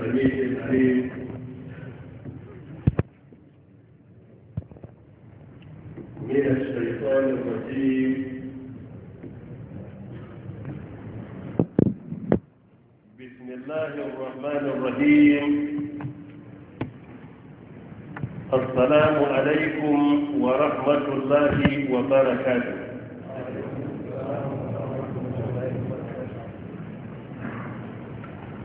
السميع العليم من الشيطان الرجيم بسم الله الرحمن الرحيم السلام عليكم ورحمة الله وبركاته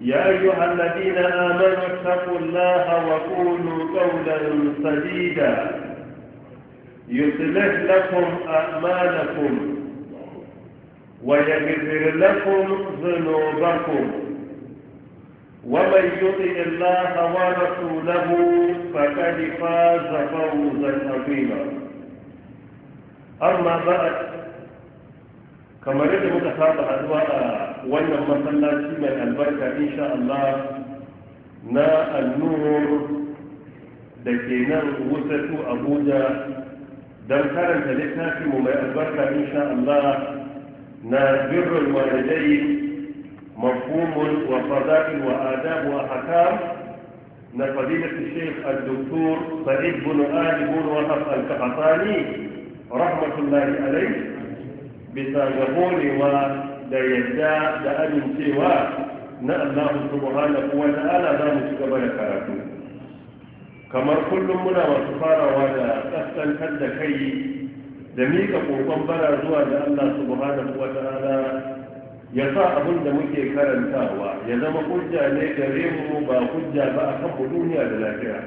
يا أيها الذين آمنوا اتقوا الله وقولوا قولا سديدا يصلح لكم أعمالكم ويغفر لكم ذنوبكم ومن يطع الله ورسوله فقد فاز فوزا عظيما أما بعد كما يجب أن تتابع wannan masallaci mai albarka insha Allah na annur da ke nan wutatu abuja don karanta littafi mu mai albarka insha Allah na birrul walidai mafhumun wa fada'il wa adab wa hakam na fadilat shaykh al-doktor Sa'id bin Ali bin Wahab al-Qahtani rahmatullahi alayh bisa gabonewa da yadda da amincewa na Allah subhanahu wa ta'ala za mu ci gaba da karatu kamar kullum muna masu farawa da kaskantar da kai da mika kokon bara zuwa da Allah subhanahu wa ta'ala ya sa abin da muke karantawa ya zama hujja ne gare mu ba hujja ba a kan duniya da lafiya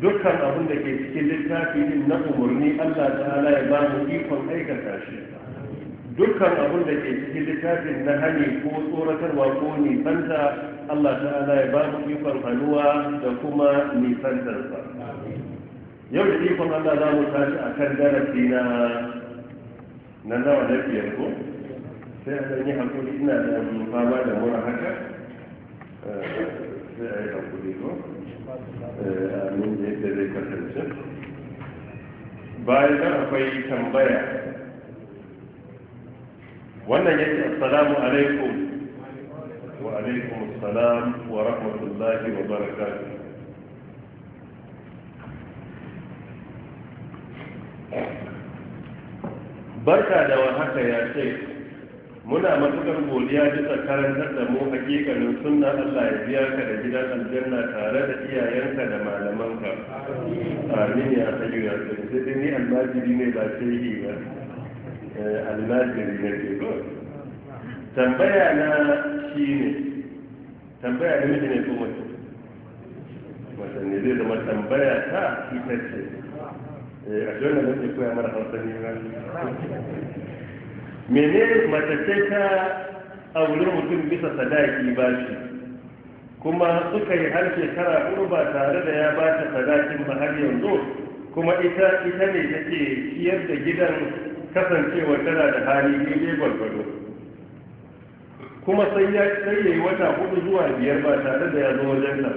dukkan abin da ke cikin littafi din na umarni Allah ta'ala ya ba mu ikon aikata shi dukkan abin da ke cikin littafin na hani ko tsoratarwa ko nisanta Allah ta'ala ya ba mu ikon hannuwa da kuma nisantarsa yau da ikon Allah za mu tashi a kan darasi na na nawa na ko sai a sanyi hakuri ina da fama da mura haka eh, sai a yi hakuri ko eh, amin da yadda zai kasance bayan akwai tambaya wannan yake assalamu alaikum wa alaikum assalam wa rahmatullahi wa barakatuh barka da haka ya ce muna matukar godiya bisa karantar da mu hakikanin sunna Allah ya biya ka da gidan aljanna tare da iyayenka da malamanka amin ya sayu ya sai dai ni almajiri ne ba sai yi ba almajiri ya ke tambaya na shi ne tambaya da mutane ne ko mace watanni zai zama tambaya ta ita ce eh, a shi wannan mace koya mara hausa ne ba mene mace ce ta aure mutum bisa sadaki ba shi kuma suka yi har shekara uku ba tare da ya ba ta sadakin ba har yanzu kuma ita ita ne take ciyar da gidan kasancewa tana da hali daidai gwargwado kuma sai ya tsaye wata hudu zuwa biyar ba tare da ya zo wajen ba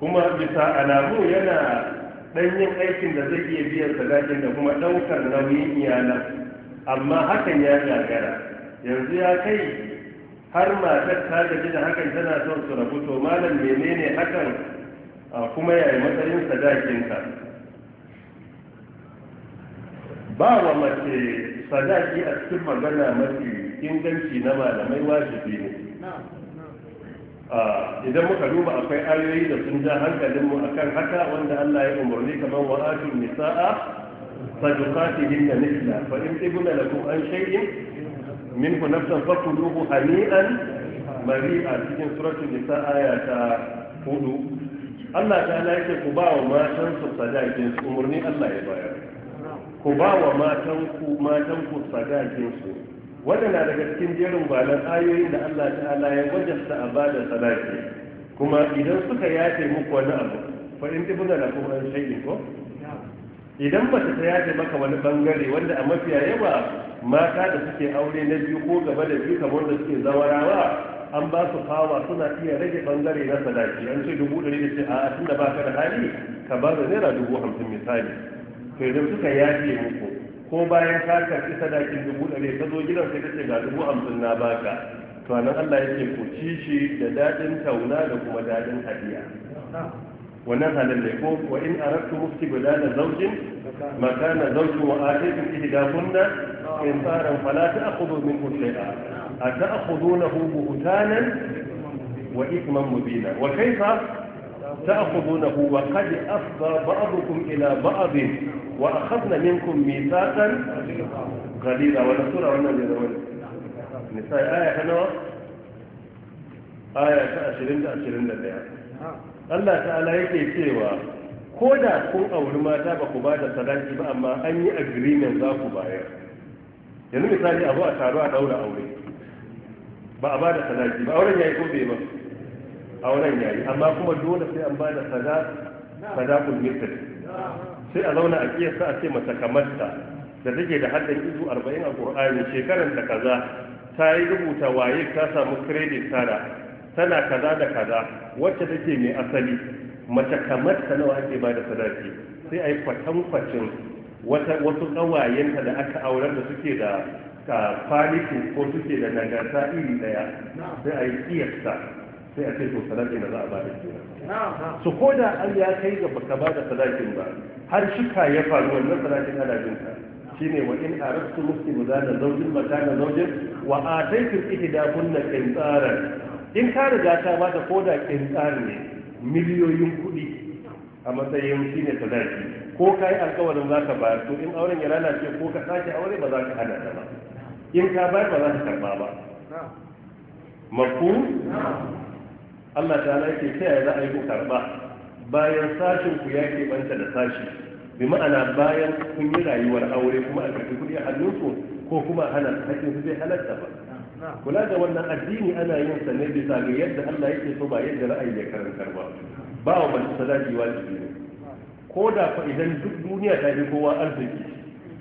kuma bisa alamu yana ɗan yin aikin da zai iya biyan sadakin da kuma ɗaukar nauyin iyalan amma hakan ya gagara yanzu ya kai har matar ta gaji da hakan tana son su rabu to malam menene hakan kuma yi matsayin sadakinka ba wa mace sadaki a cikin magana mafi inganci na malamai wajibi ne idan muka duba akwai ayoyi da sun ja hankalinmu kan haka wanda Allah ya umarni kamar wa atul nisaa sadukati da nisla fa in tibuna lakum an shay'in minhu nafsan fakuluhu hani'an a cikin suratun nisa aya ta hudu Allah ta yake ku ba wa matan su sadakin umarni Allah ya bayar ku ba wa matanku matanku sadakinsu waɗanda daga cikin jerin balan ayoyin da Allah ta'ala ya wajasta a bada sadaki kuma idan suka yafe muku wani abu farin tibuna da kuma an shaidi ko idan ba ta yafe maka wani bangare wanda a mafiya yawa mata da suke aure na biyu ko gaba da biyu kamar da suke zawarawa an ba su fawa suna iya rage bangare na sadaki an ce dubu ɗari da ce a tun da ba ka da hali ka ba da naira dubu hamsin misali to suka yafe muku ko bayan ka karɓi sadakin dubu ɗari ka zo gidan sai ka ce ga dubu hamsin na baka to nan Allah yake ku ci shi da daɗin tauna da kuma daɗin hadiya wannan halin ne ko wa in aradtu mufti gudana zaujin makana zaujin wa ataytum ihdakunna in tsaran fala ta'khudhu minhu shay'a ata'khudhunahu buhtanan wa ithman mubina wa kaifa تأخذونه وقد أفضى بعضكم إلى بعض وأخذنا منكم ميثاقا قليلا ونسورة ونسورة نساء آية نوع آية تأشرين تأشرين لديها Allah ta'ala yake cewa ko da kun auri mata ba ku ba da sadaki ba amma an yi agreement za ku bayar yanzu misali abu a taro a daura aure ba a ba da sadaki ba auren ya yi ko ba auren yayi amma kuma dole sai an bada sadaq sadaqul mithl sai a zauna a kiyasa a ce mata kamarta ta da take da haddin izu 40 a Qur'ani shekaran da kaza ta yi rubuta waye ta samu credit tara tana kaza da kaza wacce take mai asali mace kamarta nawa ake bada sadaki sai a yi wata wasu ƙawayenta da aka aurar da suke da kwalitin ko suke da nagarta iri daya sai a yi kiyasta sai a ce to sadaki da za a ba da kenan su ko da an ya kai ga baka ba da sadakin ba har shika ya faru wannan sadakin ana jin ka ne wa in arastu muslimu da zaujin makana zaujin wa ataitu ihdahunna qintaran in ka riga ta ba da koda kintsar ne miliyoyin kuɗi a matsayin shi ne sadaki ko ka yi alkawarin za ka bayar to in auren ya lalace ko ka sake aure ba za ka hana ta ba in ka bayar ba za ka karba ba mafu Allah ta ke ta yaya za a yi karba karɓa bayan sashin ku ya banta da sashi bi ma'ana bayan kun yi rayuwar aure kuma a kuɗi a hannunku ko kuma hana hakkin su zai halatta ba kula da wannan addini ana yin sa ne bisa ga yadda Allah yake so ba yadda ra'ayi ya karantar ba ba wa mace sadaki wajibi ne ko da fa idan duk duniya ta fi kowa arziki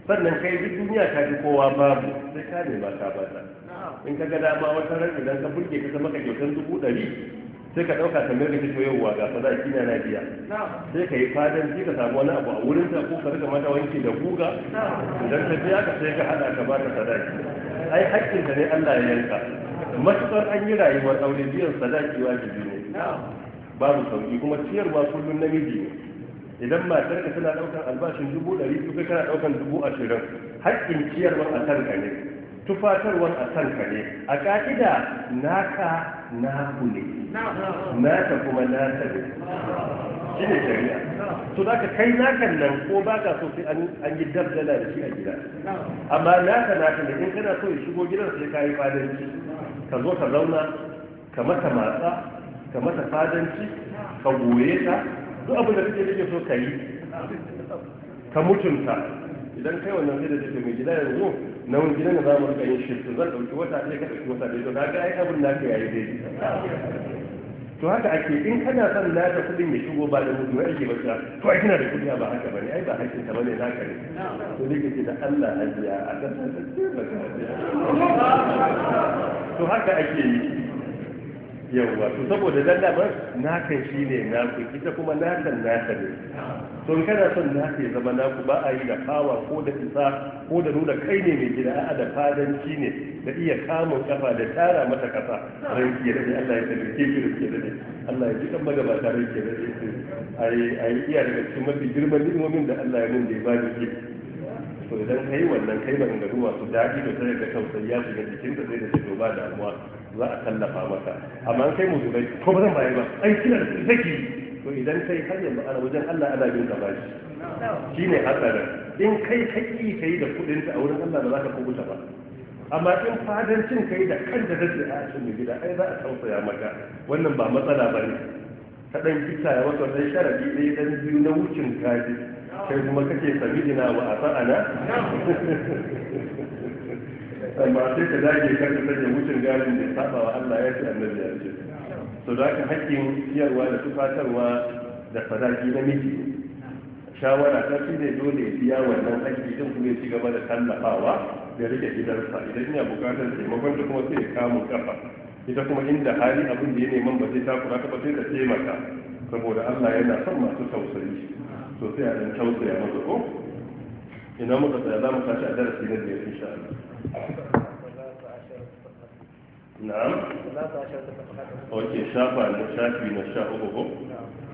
sannan kai duk duniya ta fi kowa babu sai ka ne ba ka ba in ka ga dama wata ran idan ka burge ka zama ka kyautar dubu ɗari sai ka ɗauka kamar da kake yauwa ga fa za ki na biya sai ka yi fadan ki ka samu wani abu a wurin ta ko ka rika mata wanki da guga idan ka biya ka sai ka hada ka ba ta sadaki ai hakkin ka ne Allah ya yanka matukar an yi rayuwar aure biyan sadaki wajibi ne babu sauki kuma ciyarwa kullum namiji ne idan matar ka tana ɗaukar albashin dubu ɗari su kai kana ɗaukar dubu ashirin haƙƙin ciyarwa a tarka ne tufatarwar a kanka ne a ka'ida naka naku ne naka kuma naka ne shi ne shari'a to za ka kai nakan nan ko ba ka so sai an yi dabdala da shi a gida amma naka naka ne in kana so ya shigo gidan sai ka yi fadanci ka zo ka zauna ka mata matsa ka mata fadanci ka goye ta duk abin da kake kake so ka yi ka mutunta idan kai wannan zai da take mai gida yanzu na wani gidan da za mu rika yin shirku zan ɗauki wata ɗaya ka ɗauki wata ɗaya to ka ga ai abin naka yayi daidai to haka ake in kana son na naka kudin ya shigo ba da mutu wai ake masa to ai kina da kudi ba haka bane ai ba hakin ta bane ka ne to ne kake da Allah hajiya a kan ta ce ba to haka ake yi yawwa to saboda na nakan shi ne naku ita kuma nakan naka ne to in kana son naka ya zama naku ba a yi da fawa ko da isa ko da nuna kai ne mai gida a da fadanci ne da iya kama kafa da tara mata kasa ran ke da Allah ya tabbake ki da ke da Allah ya ji kan magabata ran ke da ai ai iya daga cikin mafi girman ni'imomin da Allah ya mun da ya bani ki to idan kai wannan kai ban da ruwa su daɗi da tare da kansa ya shiga cikin da zai da shi ba da damuwa za a tallafa maka amma an kai musulmai ko ba zan bayar ba ai kina take to idan kai har yanzu ana wajen Allah ana bin ka bashi shine hatsarin in kai kai kai da kudin ta a wurin Allah ba za ka kubuta ba amma in fadancin kai da kan da take a cikin gida ai za a tausaya maka wannan ba matsala ba ne ka dan kita ya wato dan sharadi dai dan biyu na wucin kaji kai kuma kake sami ina wa na? amma sai ka dage kan ka sanya wucin gadin da saba wa Allah ya ce annabi ya ce to da haka hakkin ciyarwa da tufatarwa da sadaki na miji shawara ta fi ne dole ya biya wannan hakki din kuma ya ci gaba da tallafawa da rike gidansa idan ina bukatar taimakon ta kuma sai ya kamun kafa ita kuma inda hali abin da ya neman ba sai ta ka ba sai ka taimaka saboda Allah yana son masu tausayi to a dan tausaya masa ko إن أمك سيضام في درس إن شاء الله نعم أوكي شافع المشاكل نشاؤه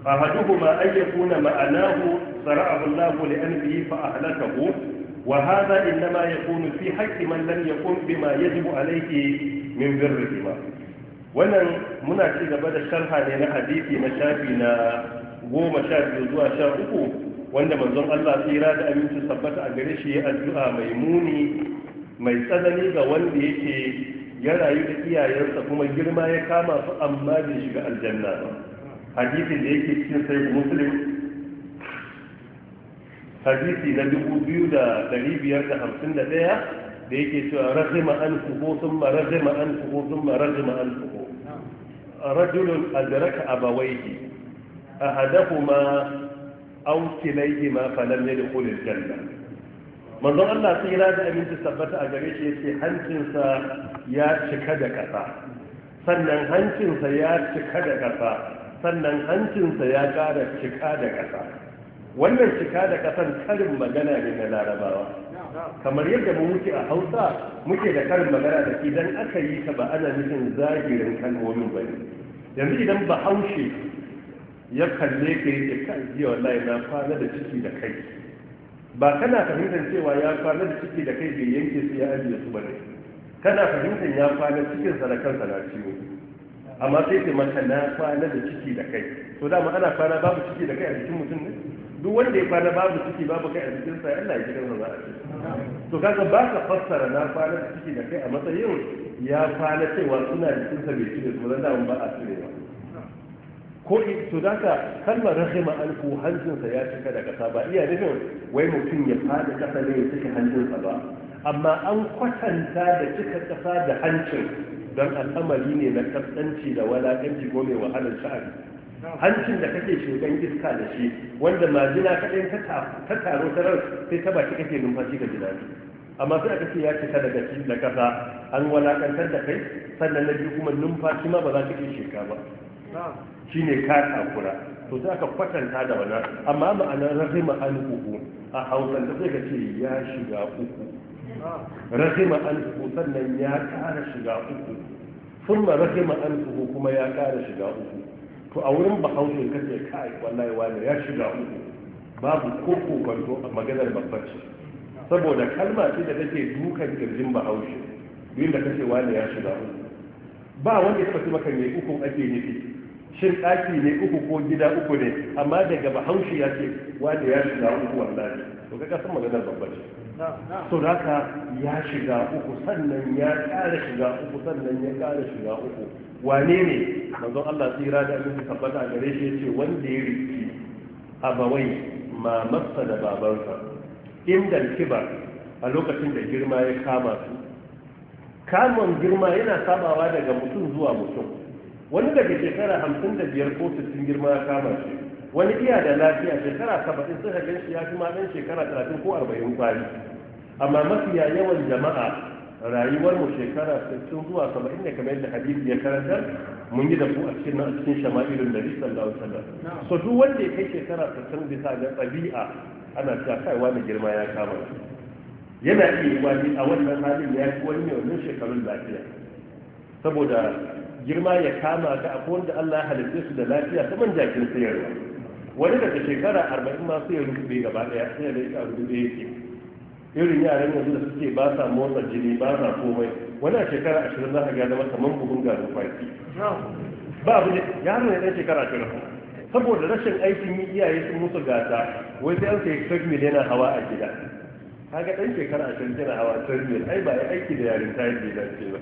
أهدهما أن يكون معناه صرعه الله لأنبه فأهلكه وهذا إنما يكون في حق من لم يقم بما يجب عليه من برهما wannan muna ci gaba da sharha ne na hadisi na shafi na goma sha wanda manzon Allah tsira da aminci sabbata a gare shi ya addu'a mai muni mai tsanani ga wanda yake ya rayu da iyayensa kuma girma ya kama su amma bai shiga aljanna ba hadisin da yake cikin sai muslim hadisi na dubu biyu da biyar da da da hamsin ɗaya yake cewa rahima an kuhu thumma rahima an sun ma rahima an a rajulun adraka hadafu ma. aw ma falam yadkhul aljanna manzon Allah sai ya da abinci tabbata a gare shi yace hancinsa ya cika da kasa sannan hancinsa ya cika da kasa sannan hancinsa ya kara cika da kasa wannan cika da kasan karin magana ne na larabawa kamar yadda mu muke a hausa muke da karin magana da idan aka yi ta ba ana nufin zahirin kalmomin ba ne yanzu idan bahaushe ya kalle ka ke kan jiya wallahi na kwana da ciki da kai ba kana fahimtar cewa ya kwana da ciki da kai bai yanke su ya ajiye su bane kana fahimtar ya kwana cikin sa da kansa na ciwo amma sai ce maka na kwana da ciki da kai to dama ana kwana babu ciki da kai a jikin mutum ne duk wanda ya kwana babu ciki babu kai a jikin sa Allah ya ji kansa za a ce to kaga ba ka fassara na kwana da ciki da kai a matsayin ya kwana cewa suna jikin sa bai cire su ba ba a cire ba? ko to da ka kalmar rahima alku hancinsa ya cika da kasa ba iya nufin wai mutum ya fada kasa ne ya cika hancinsa ba amma an kwatanta da cika kasa da hancin don al'amari ne na kasanci da walakanci ko mai wahalar sha'ani hancin da kake shugan iska da shi wanda majina kaɗai ta taro ta tarar sai ta baki kake numfashi ga gida amma sai aka ce ya cika daga cikin da kasa an walakantar da kai sannan na biyu kuma numfashi ma ba za ka iya sheka ba ne kata kura to sai aka kwatanta da wani. amma ma'anar rahima an uku a hausar da zai ka ce ya shiga uku rahima an uku sannan ya kara shiga uku sun rahima an uku kuma ya kara shiga uku to a wurin bahaushe kace kai wallahi wani ya shiga uku babu ko kwanto a maganar babbar saboda kalma ce da take dukan kirjin bahaushe yin da kace wani ya shiga uku ba wanda ya fasi maka ne uku ake nufi shin ɗaki ne uku ko gida uku ne amma daga bahaushe ya ce wanda ya shiga uku ne to kaga san magana babba ce to haka ya shiga uku sannan ya ƙara shiga uku sannan ya ƙara shiga uku wane ne manzo Allah tsira da abin da tabbata a gare shi yace wanda ya riki abawai mamarsa da babansa inda kiba a lokacin da girma ya kama su kamun girma yana sabawa daga mutum zuwa mutum wani daga shekara hamsin da biyar ko sittin girma ya kama shi wani iya da lafiya shekara saba'in suka gan shi ya fi ma ɗan shekara talatin ko arba'in kwari amma mafiya yawan jama'a rayuwar mu shekara sittin zuwa saba'in ne kamar yadda hadisi ya karantar mun yi da ku a cikin na cikin shama'ilun bisa da wasu da so duk wanda ya kai shekara sittin bisa ga ɗabi'a ana cewa kai wani girma ya kama yana iya wani a wannan halin ya fi wani ne wannan shekarun lafiya saboda girma ya kama ga abuwan da Allah ya halitta su da lafiya ta man jakin sayarwa wani daga shekara arba'in ma sai ya bai gaba daya sai da ya da yake irin yaran yanzu da suke ba sa motsa jini ba sa komai wani a shekara ashirin za a ga zama kamar buhun garin kwaki ba abu ne yaro ne ɗan shekara ashirin saboda rashin aikin yi iyaye sun musu gata wai sai an sai treadmill yana hawa a gida kaga ɗan shekara ashirin yana hawa treadmill ai ba ya aiki da yarinta yadda ya dace ba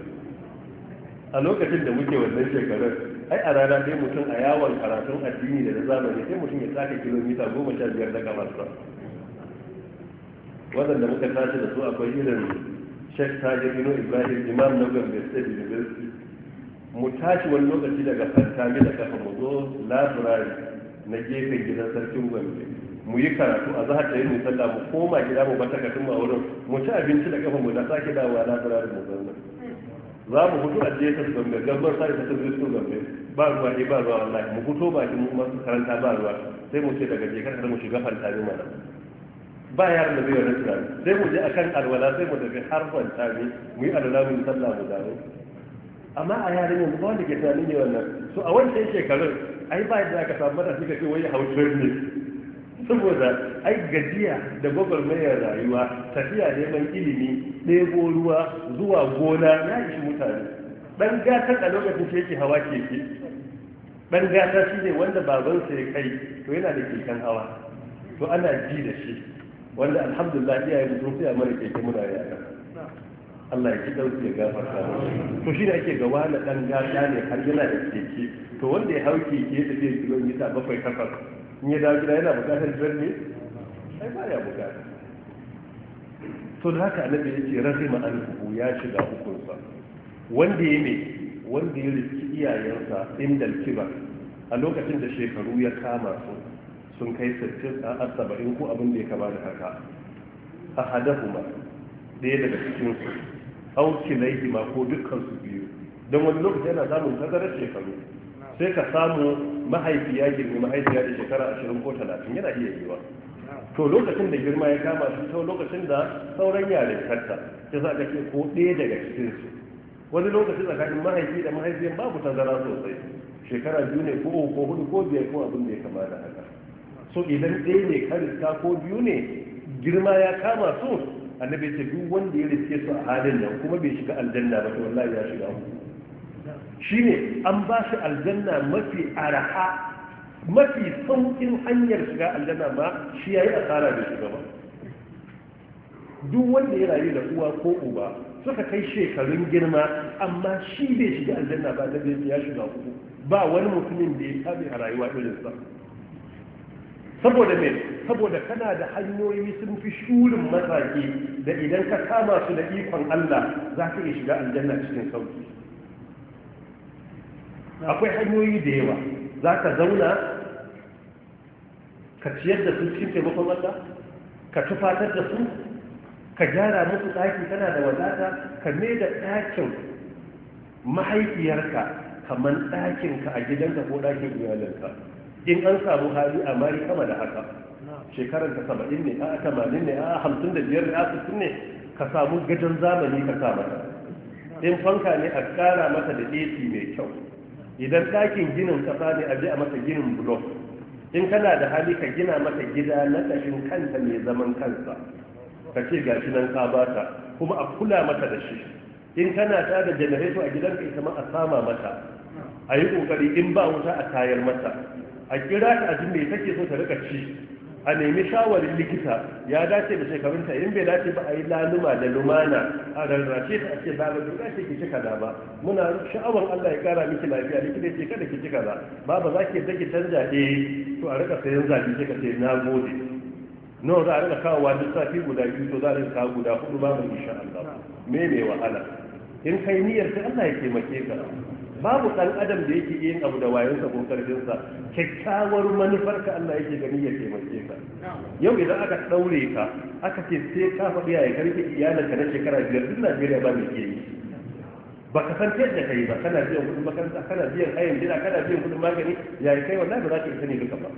a lokacin da muke wannan shekarar ai a rana dai mutum a yawon karatun addini da na zamani sai mutum ya tsaka kilomita goma sha biyar da kamarsa Wadanda muka tashi da su akwai irin shek tajir ino ibrahim imam na gombe state university mu tashi wani lokaci daga fantami da kafa mu zo laburari na gefen gidan sarkin gombe mu yi karatu a zahar da yi sallah mu koma gida mu bata katun ma wurin mu ci abinci da kafa mu da sake dawowa laburari mu zanna za mu hutu a jefin gombe gambar sa ta tafi su gombe ba ruwa ne ba ruwa wallahi mu hutu ba ki masu karanta ba ruwa sai mu ce daga jekar da mu shiga fanta ne mana ba ya da zai wani tsari sai mu je a kan alwala sai mu tafi har fanta ne mu yi alwala mu sallah mu dawo amma a yaran yanzu ba wanda ke tunani ne wannan su a wancan shekarun ai ba yadda aka samu mata suka ce wai hausar ne saboda ai gajiya da gwagwarmayar rayuwa tafiya neman ilimi ɗebo ruwa zuwa gona ya ishi mutane ɗan gatar a lokacin shi yake hawa keke ɗan gata shi ne wanda babansa ya kai to yana da keken hawa to ana ji da shi wanda alhamdulillah iyaye mu sun fiya mara keke muna yara Allah ya ki ɗauki ya gafarta to shi da ake gaba na ɗan gata ne har yana da keke to wanda ya hau keke ya tafiya kilomita bakwai takwas in ya dawo gida yana bukatar jiran ne ai ba ya bukatar to da haka annabi ya ce rahima alfuhu ya shiga hukunsa wanda ya ne wanda ya riski iyayensa inda kiba a lokacin da shekaru ya kama su sun kai 60 a 70 ko abin da ya kama da haka a hadahuma ɗaya daga cikin su auki ma ko dukkan su biyu don wani lokaci yana samun tazarar shekaru sai ka samu mahaifi ya girmi mahaifiya da shekara ashirin ko talatin yana iya yiwa to lokacin da girma ya kama su to lokacin da sauran yare karta ta za ka ce ko ɗaya daga cikinsu wani lokaci tsakanin mahaifi da mahaifiyan babu tazara sosai shekara biyu ne ko ko hudu ko biyar ko abin da ya kama da haka so idan ɗaya ne ka ko biyu ne girma ya kama su annabi ce duk wanda ya riske su a halin nan kuma bai shiga aljanna ba to wallahi ya shiga hukuma. Shi ne an ba shi aljanna mafi araha mafi saukin hanyar shiga aljanna ma shi ya yi asara da shiga ba duk wanda ya rayu da uwa ko uba suka kai shekarun girma amma shi bai shiga aljanna ba da bai ya shiga uku ba wani mutumin da ya tabi a rayuwa irinsa saboda me saboda kana da hanyoyi sun fi shurin mataki da idan ka kama su da ikon Allah za ka iya shiga aljanna cikin sauki akwai hanyoyi da yawa za ka zauna ka ciyar da su cikin taimakon wata ka tufatar da su ka gyara musu ɗaki tana da wadata ka ne da ɗakin mahaifiyarka kamar ɗakinka a gidanka ko ɗakin iyalinka in an samu hali a mari kama da haka shekarar ka saba'in ne a tamanin ne a hamsin da biyar a sittin ne ka samu gajen zamani ka sa mata in fanka ne a ƙara mata da ac mai kyau idan ɗakin ginin ƙasa ne a a masa ginin bulok in kana da hali ka gina mata gida na ƙashin kanta mai zaman kansa ka ce gashi nan ka bata kuma a kula mata da shi in kana ta da janareto a ka ita ma a sama mata a yi ƙoƙari in ba wuta a tayar mata a kira ta a jin mai take so ta rika ci a nemi shawarin likita ya dace da shekarunta in bai dace ba a yi laluma da lumana a rarrace ta ake ba duka ce ki cika da ba muna sha'awar Allah ya kara miki lafiya likita ce kada ki cika da ba ba za ki dake canja eh to a rika sayan zabi ce ka ce na gode no za a rika kawowa duk safi guda biyu to za a rika kawo guda hudu babu insha Allah me wahala in kai niyyar ta Allah ya taimake ka babu ɗan adam da yake yin abu da wayonsa ko karfinsa kyakkyawar manufar ka Allah yake gani ya taimake ka yau idan aka ɗaure ka aka ce sai ka faɗi ya karfe ka na shekara biyar duk Najeriya ba mai ke yi ba ka san yadda kai ba kana biyan kudin makaranta kana biyan hayan jira kana biyan kudin magani ya kai wallahi ba za ka yi sani duka ba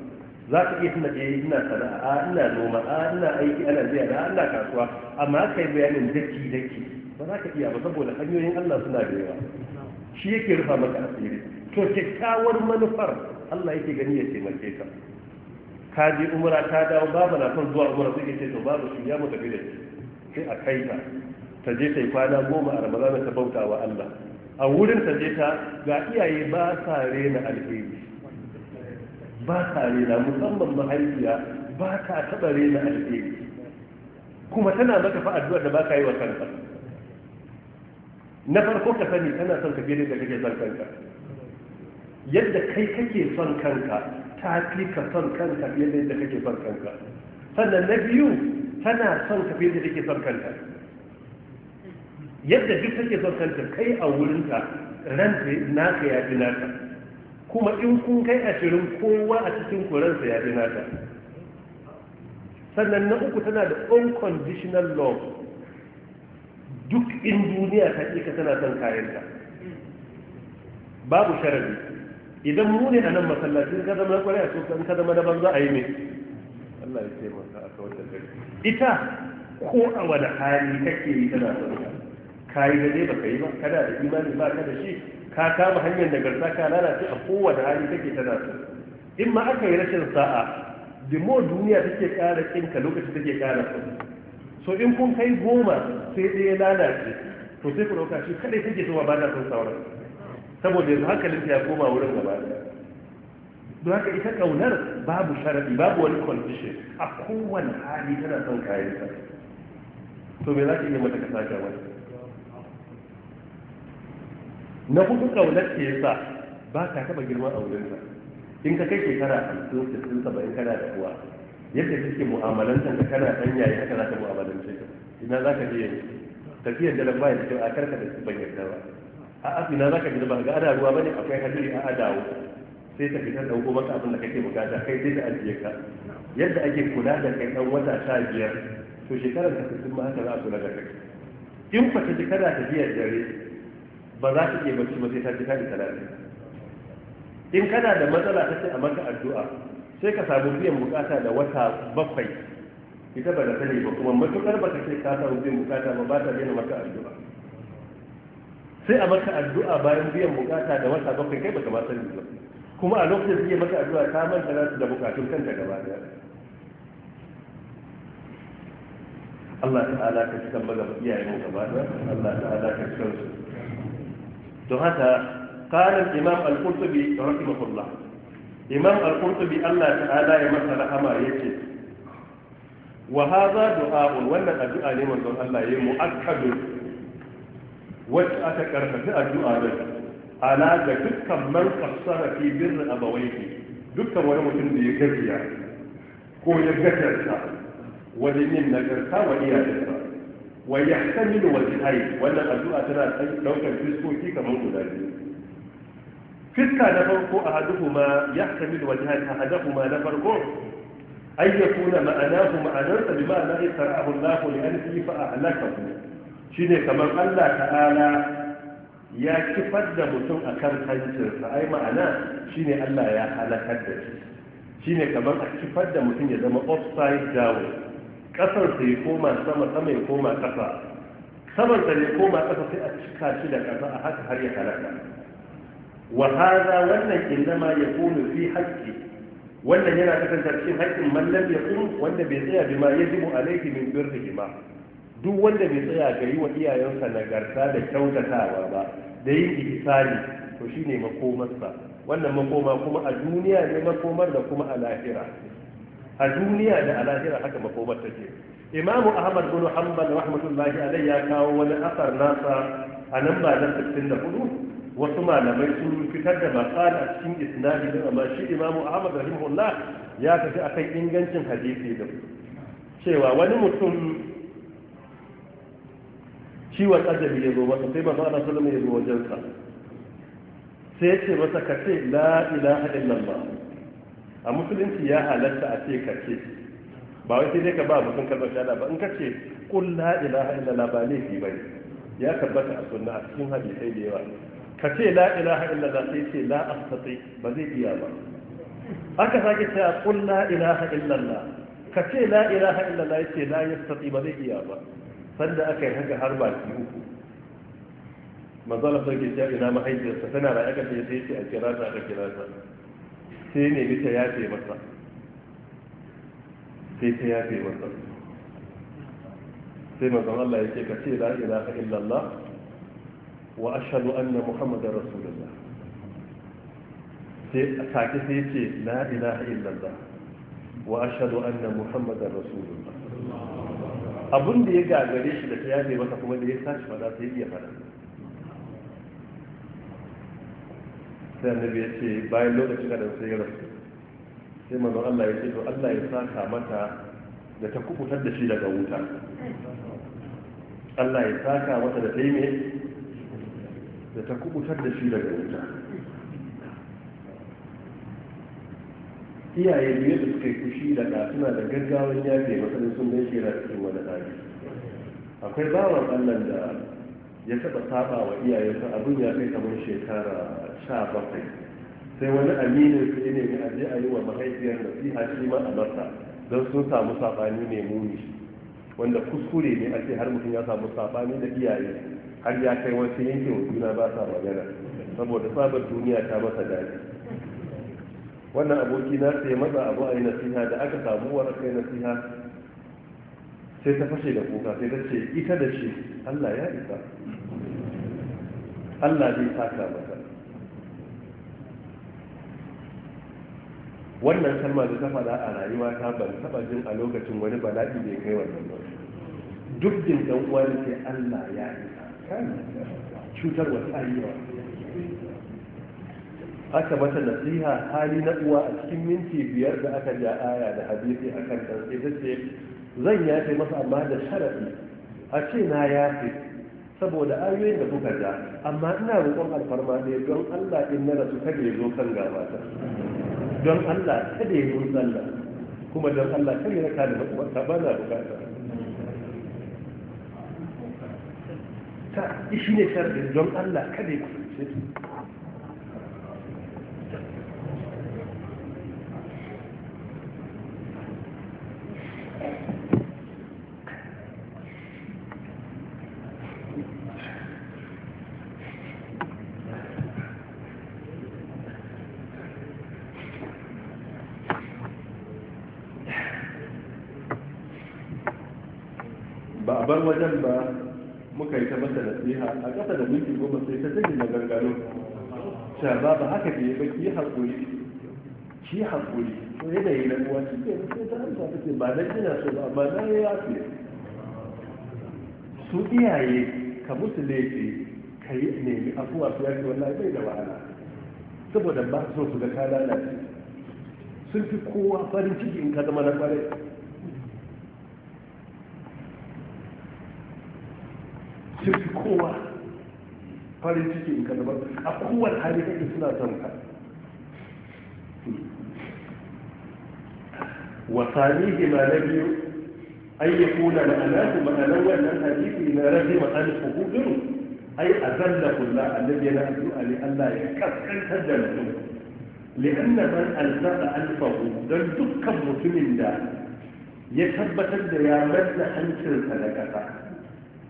za ka iya tuna je eh, ina sana'a ina noma a ina aiki ana biya da ina kasuwa amma kai bayanin daki daki ba za ka iya ba saboda hanyoyin Allah suna da yawa shi yake rufa maka asiri to kyakkyawar manufar Allah yake gani ya taimake ka ka je umra ta dawo babu na son zuwa umra sai ce to babu shi ya mutu da shi sai a kai ta ta je ta yi kwana goma a ramadana ta bauta wa Allah a wurin ta je ta ga iyaye ba sa rena alheri ba sa rena musamman mahaifiya ba ka taɓa rena alheri kuma tana maka fa da ba ka yi wa kanka na farko ka sani kana son ka fiye da kake son kanka yadda kai kake son kanka ta fi ka son kanka fiye da yadda kake son kanka sannan na biyu tana son ka fiye da kake son kanka yadda duk kake son kanka kai a wurinka ranta naka ya fi naka kuma in kun kai ashirin kowa a cikin kuransa ya fi naka sannan na uku tana da unconditional love duk in duniya ta ka tana son kayanta babu sharadi idan mu ne a nan masallacin ka zama kwarai a sosan ka zama daban za a yi ne Allah ya ce masa a kawai da ita ko a wani hali kake yi tana son ka kayi da dai baka yi ba kada da imani ba ka da shi ka kama hanyar nagarta ka lalace a kowane hali kake tana son in ma aka yi rashin sa'a dimo duniya take ƙara kinka lokaci take ƙara son so in kun kai goma sai ɗaya lalace to sai ku ɗauka shi kaɗai kake zuwa ba na son sauran saboda yanzu hankalin ya koma wurin gaba don haka ita ƙaunar babu sharaɗi babu wani condition a kowane hali tana son kayansa to me za ka iya mata ka saka wani na hudu ƙaunar ke sa ba ka taɓa girman aurensa in ka kai shekara hamsin sittin in kana da kuwa yadda kake mu'amalanta ka kana dan yayi haka za ka mu'amalance ka ina za ka je tafiya da lamba ya ce a karka da ban yarda ba a ina za ka je ba ga ada ruwa bane akwai hadiri a adawo sai ta fitar dauko maka abin da kake bukata kai sai da ajiye ka yadda ake kula da kai dan wata sha biyar to shekarar ka sun ma haka za a kula da kai in fa ta ji kana biyar dare ba za ta iya bacci ba sai ta ji kana talatin in kana da matsala ta ce a maka addu'a sai ka samu biyan bukata da wata bakwai ita ba da sani ba kuma matukar ba ka ce ka samu biyan bukata ba ba ta daina maka addu'a sai a maka addu'a bayan biyan bukata da wata bakwai kai baka ba sani ba kuma a lokacin da suke maka addu'a ta manta su da bukatun kanta gaba daya Allah ta'ala ka ci kan maga iyayen gaba daya Allah ta'ala ka ci su, don haka qala al-imam al-qurtubi rahimahullah imam al-qurtubi Allah ta'ala ya masa rahama yake wa hadha du'a'un wannan addu'a ne manzon Allah yayi mu'akkadu wacce aka karfafi addu'a da ala ga dukkan man qassara fi birr abawayhi dukkan wani mutum da ya gaskiya ko ya gaskata wajen yin nagarta wa iyayensa wa yahtamilu wajhai wannan addu'a tana daukar fiskoki kamar guda biyu fiska na farko a ma ya kami da wajen a ma na farko an ya kuna ku ma'anarsa bi ma'ana ya sara'ahu lahu ne an fi fa'a halaka shi ne kamar allah ta'ala ya kifar da mutum a kan hancinsa ai ma'ana shi ne allah ya halakar da shi shi ne kamar a kifar da mutum ya zama upside down sa ya koma sama sama ya koma kasa saman da ya koma kasa sai a cika shi da kasa a haka har ya halaka wa hada wannan innama yakunu fi haƙƙi, wannan yana kasance cikin haƙƙin mallam ya yaqum wanda bai tsaya bima yajibu alayhi min birrihi ma duk wanda bai tsaya ga yi wa iyayensa nagarta da kyautatawa ba da yin ihsani to shine makomarsa wannan makoma kuma a duniya ne makomar da kuma a lahira a duniya da a lahira haka makomar take imamu ahmad bin hanbal rahmatullahi alayhi ya kawo wani asar nasa a nan ba da 64 wasu malamai sun fitar da matsala a cikin isnadi din amma shi imamu ahmad rahimahullah ya tafi akan ingancin hadisi din cewa wani mutum ciwon ajabi ya zo masa sai masu ana sulama ya zo wajensa sai ya ce masa ka ce la ilaha illallah a musulunci ya halatta a ce ka ce ba wai sai dai ka ba mutum kalmar shahada ba in ka ce kul la ilaha illallah ba laifi bane ya tabbata a sunna a cikin hadisai da yawa ka ce la ilaha illallah sai ce la astati ba zai iya ba aka sake cewa qul la ilaha illallah ka ce la ilaha illallah yace la yastati ba zai iya ba sanda aka yi haka har baki uku manzon sarki ya ina mahaifiyarsa tana da aka ce sai ce a kira ta aka kira ta sai ne bita ya ce masa sai ta ya ce masa sai manzon Allah yake ka ce la ilaha illallah وأشهد أن محمد رسول الله take sai ce la ilaha illallah wa ashhadu anna muhammadar rasulullah abun da ya gagare shi da ta yabe masa kuma da ya tashi fada sai iya fada sai annabi ya ce bayan lokacin da sai ya rasu sai manzo Allah ya ce to Allah ya saka mata da ta kubutar da shi daga wuta Allah ya saka mata da ta yi da ta kubutar da shi daga wuta iyaye biyu da suka yi kushi da kasuna da gaggawan yafe masanin sun bai shi cikin wani ɗaki akwai bawan allah da ya taɓa saba wa iyayensa abin ya kai kamar shekara sha bakwai sai wani aminin su ne a je a yi wa mahaifiyar nasiha shi ma a masa don sun samu saɓani ne muni wanda kuskure ne a ce har mutum ya samu saɓani da iyaye har ya kai wasu yanke wa juna ba sa magana saboda sabon duniya ta masa daɗi wannan aboki na sai matsa abu a yi nasiha da aka samu wa aka yi nasiha sai ta fashe da kuka sai ta ce ita da shi allah ya isa allah zai saka masa wannan kalma da ta faɗa a rayuwa ta ban taɓa jin a lokacin wani bala'i bai kai wannan ba duk jin ɗan uwa ne sai allah ya isa cutarwa tsayewa aka mata nasiha hali na uwa a cikin minti biyar da aka ja aya da hadisi a kan ta ce zan yafe masa amma da sharafi a ce na yafe saboda ayoyin da kuka ja amma ina roƙon alfarma ne don Allah in na rasu kada ya zo kan gabata don Allah kada ya zo sallah kuma don Allah kada ya raka da bukata ba na bukata ta shi ne sharri don Allah kada ya ba a bar wajen ba suka yi ta mata nasiha a ƙasa da minti goma sai ta tsaye na gargaro ta ba ba haka da ya ba ki haƙuri ki haƙuri to yanayi na uwa shi ke sai ta hanta ta ce ba na gina su ba ba na ya yafe su iyaye ka musu laifi ka yi nemi afuwa su yafe wallahi bai da wahala saboda ba so su ga ka lalace sun fi kowa farin ciki in ka zama na kwarai kowa farin ciki in ka zama a kowane hali kake suna son ka wasani hima na biyu an yi kuna ma'ana su ma'anar wannan hadisi na rabi ma'an hukukun ai a zalla kula, annabi yana addu'a ne Allah ya kaskantar da mutum لأن من ألزق ألفه دل دكا da ya يثبت دا يا مدن حنشر سلكتا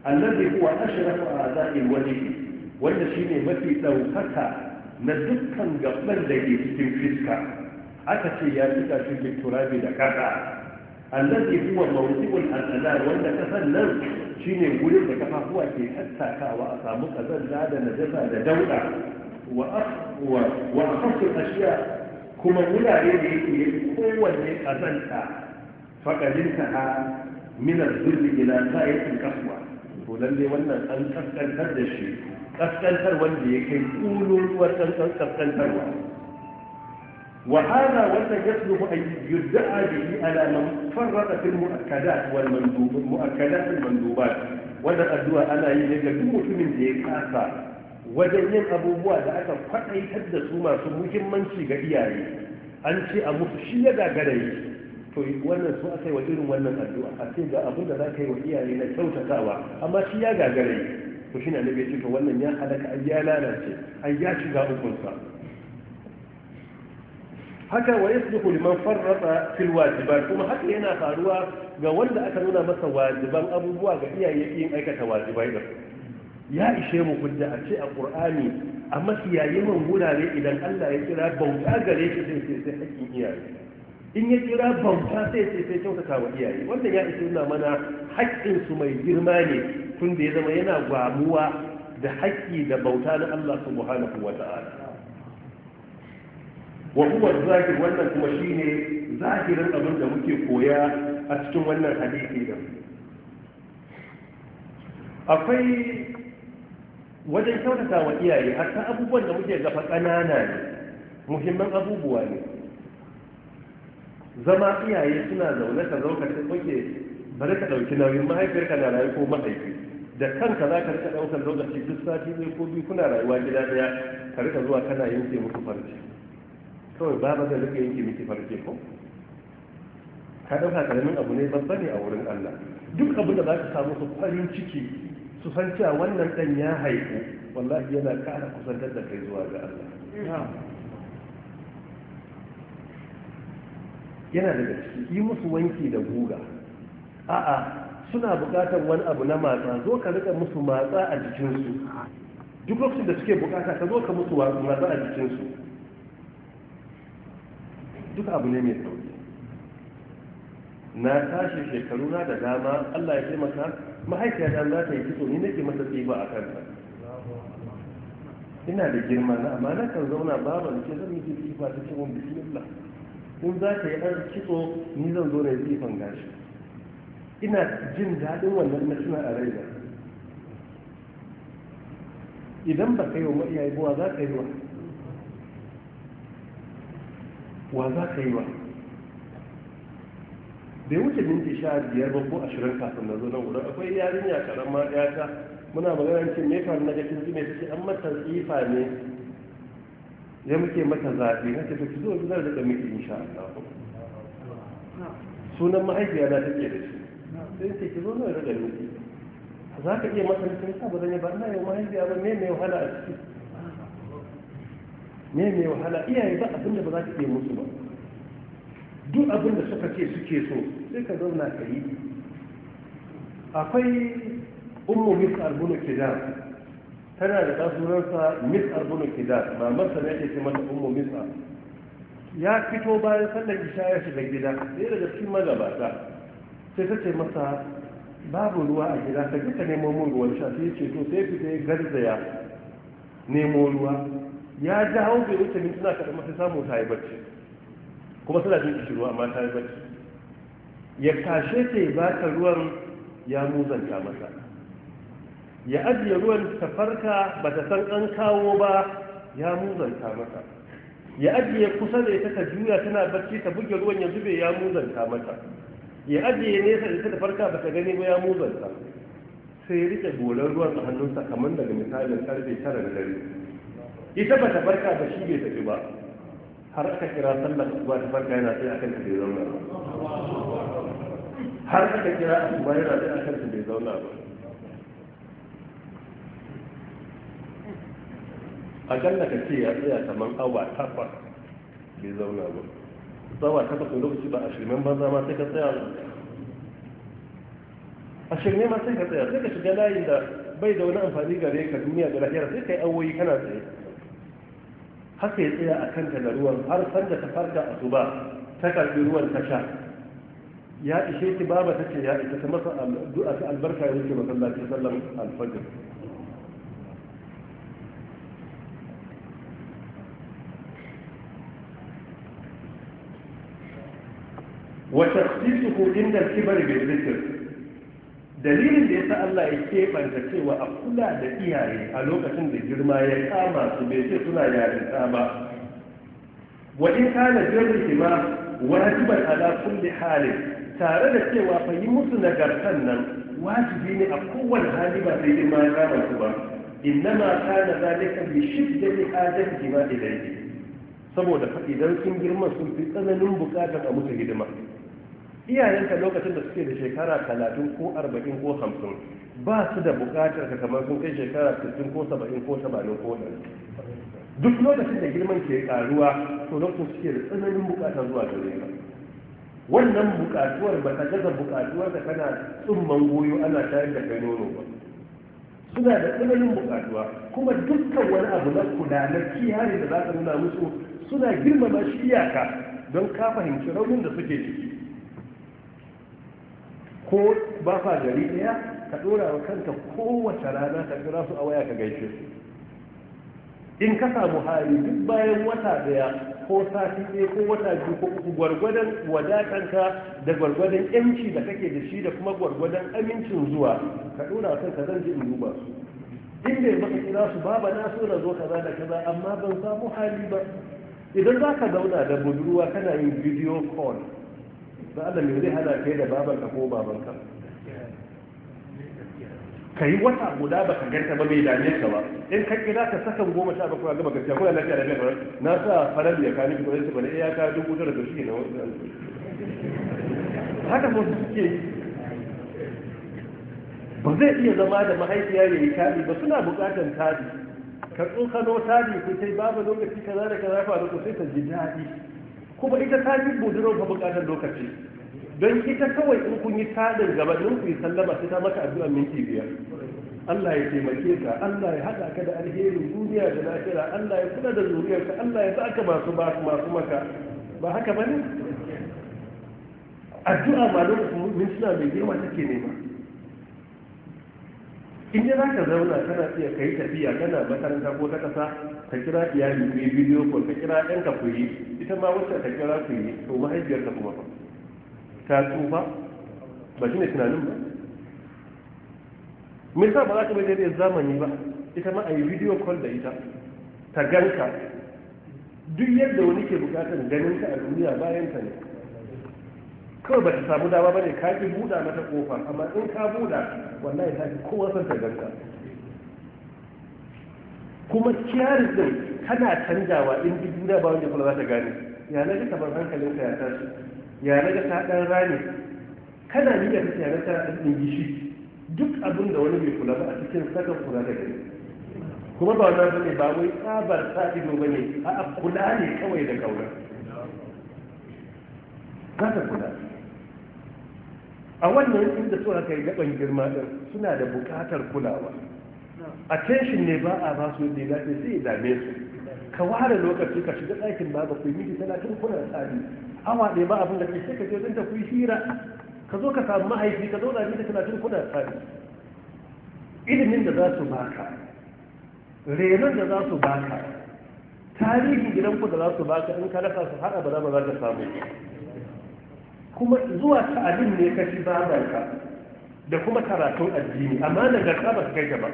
allazi huwa ashrafu a'za'i alwajhi wanda shine mafi daukaka na dukkan gaban da ke cikin fiska aka ce ya fita shi ke turabi da kasa allazi huwa mawdi'ul al-adar wanda kasan nan shine gurin da kafafuwa ke tattakawa a samu kazanta da najasa da dauda wa aqwa wa aqwa ashiya kuma wurare da yake kowanne kazanta faqadinta min al-dhilli ila sa'itil kasuwa. lalle wannan an kaskantar da shi tsaftantar wanda ya kai kulun ruwa can can kaskantarwa wa hada wanda ya su zuwa yi yadda a da yi alamun farrata fil mu'akkadat wal mandubat mu'akkadat wal addu'a ana yi ne ga duk mutumin da ya kasa wajen yin abubuwa da aka kwadaitar da su masu muhimmanci ga iyaye an ce a musu shi ya gagara yi to wannan su aka yi wa irin wannan addu'a a ce ga abin da za ka yi wa iyaye na kyautatawa amma shi ya gagare to shi ne annabi ya ce to wannan ya halaka an ya lalace an ya shiga ukunsa haka wa yasbiqu liman farrata fil wajibat kuma haka yana faruwa ga wanda aka nuna masa wajiban abubuwa ga iyaye yin aikata wajibai da ya ishe mu hujja a ce a qur'ani a mafiyayen wurare idan Allah ya kira bauta gare shi sai sai hakkin iyaye in ya kira bauta sai sai sai kyautata wa iyaye wanda ya isa nuna mana haƙƙinsu mai girma ne tun da ya zama yana gwamuwa da haƙƙi da bauta na Allah subhanahu wa ta'ala wa huwa zahir wannan kuma shine zahirin abin da muke koya a cikin wannan hadisi da akwai wajen kyautata wa iyaye hatta abubuwan da muke gafa ƙanana ne muhimman abubuwa ne zama iyaye suna zaune ka zaune ka ce oke bari ka ɗauki nauyin mahaifiyarka na rayu ko mahaifi da kanka za ka rika ɗaukar lokaci duk sati ne ko biyu kuna rayuwa gida ɗaya ka rika zuwa kana yanke muku farce kawai ba ba zai rika yanke miki farce ko ka ɗauka karamin abu ne babba ne a wurin Allah duk abin da za ka samu su farin ciki su san cewa wannan ɗan ya haihu wallahi yana ƙara kusantar da kai zuwa ga Allah yana daga ciki yi musu wanki da guga a'a suna buƙatar wani abu na matsa zo ka rika musu matsa a jikinsu duk lokacin da suke buƙata ka zo ka musu matsa a jikinsu duk abu ne mai sauki na tashi shekaru na da dama Allah ya taimaka mahaifiya ta za ta yi kitso ni nake masa tsiba a kanta ina da girma na amma na kan zauna babu da ke zan yi tsiba ta cikin bismillah in za ka yi ɗan kitso ni zan zo na yi tsifan gashi ina jin daɗin wannan na tuna a ba. idan ba ka yi wa iyaye ba za ka yi wa wa za ka yi wa bai wuce minti sha biyar ba ko ashirin kafin na zo nan wurin akwai yarinya karama yata muna magana cin me na gashin kinsu ne suke an mata tsifa ne ya muke mata zaɓe na ce ki zo ki zan rika miki insha Allah sunan mahaifiya na take da shi sai ce ki zo na rika miki za ka iya masa rikin sa ba zan yi ba ina yau mahaifiya ba mai mai wahala a ciki mai mai wahala iyaye ba abinda ba za ka iya musu ba duk abinda suka ce suke so sai ka zauna ka yi akwai ummu mis bunu kidan tana da ɗasurarsa mis'ar bin kidar mamarsa ne ake kuma mata ummu mis'ar ya fito bayan sallar isha ya shiga gida Sai daga cikin magabata sai ta ce masa babu ruwa a gida ta kika nemo mun ruwan sha sai ce to sai fita ya garzaya nemo ruwa ya dawo bai wuce suna kaɗan masa samu ta yi bacci kuma suna jin ruwa amma ta yi bacci ya kashe ta ya ba ta ruwan ya muzanta masa ya ajiye ruwan ta farka ba ta san an kawo ba ya muzanta mata ya ajiye kusa da ita ta juya tana barci ta buge ruwan ya zube ya muzanta mata ya ajiye nesa da ita ta farka ba ta gani ba ya muzanta sai ya rike goran ruwan a hannunsa kamar daga misalin karfe tara da dare ita ba ta farka ba shi bai tafi ba har aka kira sallar asuba ta farka yana sai akan ta bai zauna ba har aka kira asuba yana sai akan ta bai zauna ba akalla ka ce ya tsaya kamar awa takwas bai zauna ba tsawa takwas da lokaci ba ashirin banza ma sai ka tsaya shirme ma sai ka tsaya sai ka shiga layin da bai da wani amfani gare ka duniya da lahiyar sai ka yi awoyi kana tsaye haka ya tsaya a kanta da ruwan har sanda ta farka a ba ta karfi ruwan ta sha ya ishe ki baba ta ce ya ita ta masa albarka ya wuce masallaci sallan alfajir wa tafsisuhu inda kibar bil zikr dalilin da ya sa Allah ya kebanta cewa a kula da iyaye a lokacin da girma ya kama su bai ce suna yarinta ba wa in kana jirri ma wajiban ala kulle hali tare da cewa fa yi musu nagartan nan wajibi ne a kowane hali ba sai dai ma kama su ba innama kana zalika bi shiddati hajatihi ma ilayhi saboda fa idan sun girma sun fi tsananin bukatar a musu hidima iyayenka lokacin da suke da shekara talatin ko arba'in ko hamsin ba su da bukatar ka kamar sun kai shekara sittin ko saba'in ko saba'in ko ɗari duk lokacin da girman ke karuwa to lokacin suke da tsananin bukatar zuwa gare ka wannan bukatuwar ba ta gaza bukatuwar da kana tsumman goyo ana tare da kai nono ba suna da tsananin bukatuwa kuma dukkan wani abu na kula na kiyaye da za ka nuna musu suna girmama shi iyaka don ka fahimci raunin da suke ciki ko ba fa gari ɗaya ka ɗora wa kanka kowace rana ka kira su a waya ka gaishe su in ka samu hali duk bayan wata daya ko sati ɗaya ko wata biyu ko uku gwargwadon wadatanka da gwargwadon yanci da kake da shi da kuma gwargwadon amincin zuwa ka ɗora wa kanka zan je in duba su in bai maka kira su baba na so na zo kaza da kaza amma ban samu hali ba idan za ka zauna da budurwa kana yin video call sa’adar mai zai hada kai da babanka ko babanka ka yi wata guda ba ka ganta ba mai dame ka ba in ka kira ka sakan goma sha bakwai a gaba gaskiya na lafiya da mai na sa farar da ya kani kuma yanzu bane eh, ya ka dubu tara da shi na wasu haka so suke ba zai iya zama da mahaifiya ya yi ba suna buƙatar tari ka tsokano tari ko sai babu lokaci kaza da kaza faru ko sai ta ji daɗi kuma ita ta fi budurin ka bukatar lokaci don ita kawai in kun yi tadin gaba in ku yi sallama sai ta maka addu'a minti biyar Allah ya taimake ka Allah ya haɗa ka da alherin duniya da lafiya Allah ya kula da ka Allah ya sa ka masu masu maka ba haka bane addu'a ba lokacin mintuna mai girma take nema in za ka zauna kana iya kai tafiya kana makaranta ko ta kasa ka kira iyali ku yi bidiyo ko ka kira ɗanka ku yi ita ma wacce ka kira ku yi to ka kuma fa ta tsufa ba shi ne tunanin ba me sa ba za ka bai daidai zamani ba ita ma a yi bidiyo call da ita ta ganka duk yadda wani ke bukatar ganin ta a duniya bayan ta ne kawai ba ta samu dama ba ne ka ki buɗa mata ƙofa amma in ka buɗa wallahi ta fi kowa son ta ganka kuma kyaris din tana canjawa in ji duniya ba wanda kula za ta gane ya na ga tabar ta ya tashi ya na ga ta ɗan rani kana niyyar ta yana ta ɗan gishi duk abin da wani bai kula ba a cikin sakan kula da gani kuma ba wani bane ba wai tsabar sa ido bane a kula ne kawai da kaunar ka ta kula a wannan inda suna kai gaban girma din suna da bukatar kulawa attention ne ba a ba su da lafiya sai dame su ka ware lokaci ka shiga ɗakin ba ku yi miji talatin kuna tsari awa ɗaya ba abin da ke sai ka je wajen ku yi hira ka zo ka samu mahaifi ka zauna miji talatin kuna tsari ilimin da za su baka renon da za su baka tarihin gidanku da za su baka in ka rasa su haɗa ba ba za ka samu kuma zuwa ta abin ne ka fi babanka da kuma karatun addini amma na garka ba kai gaba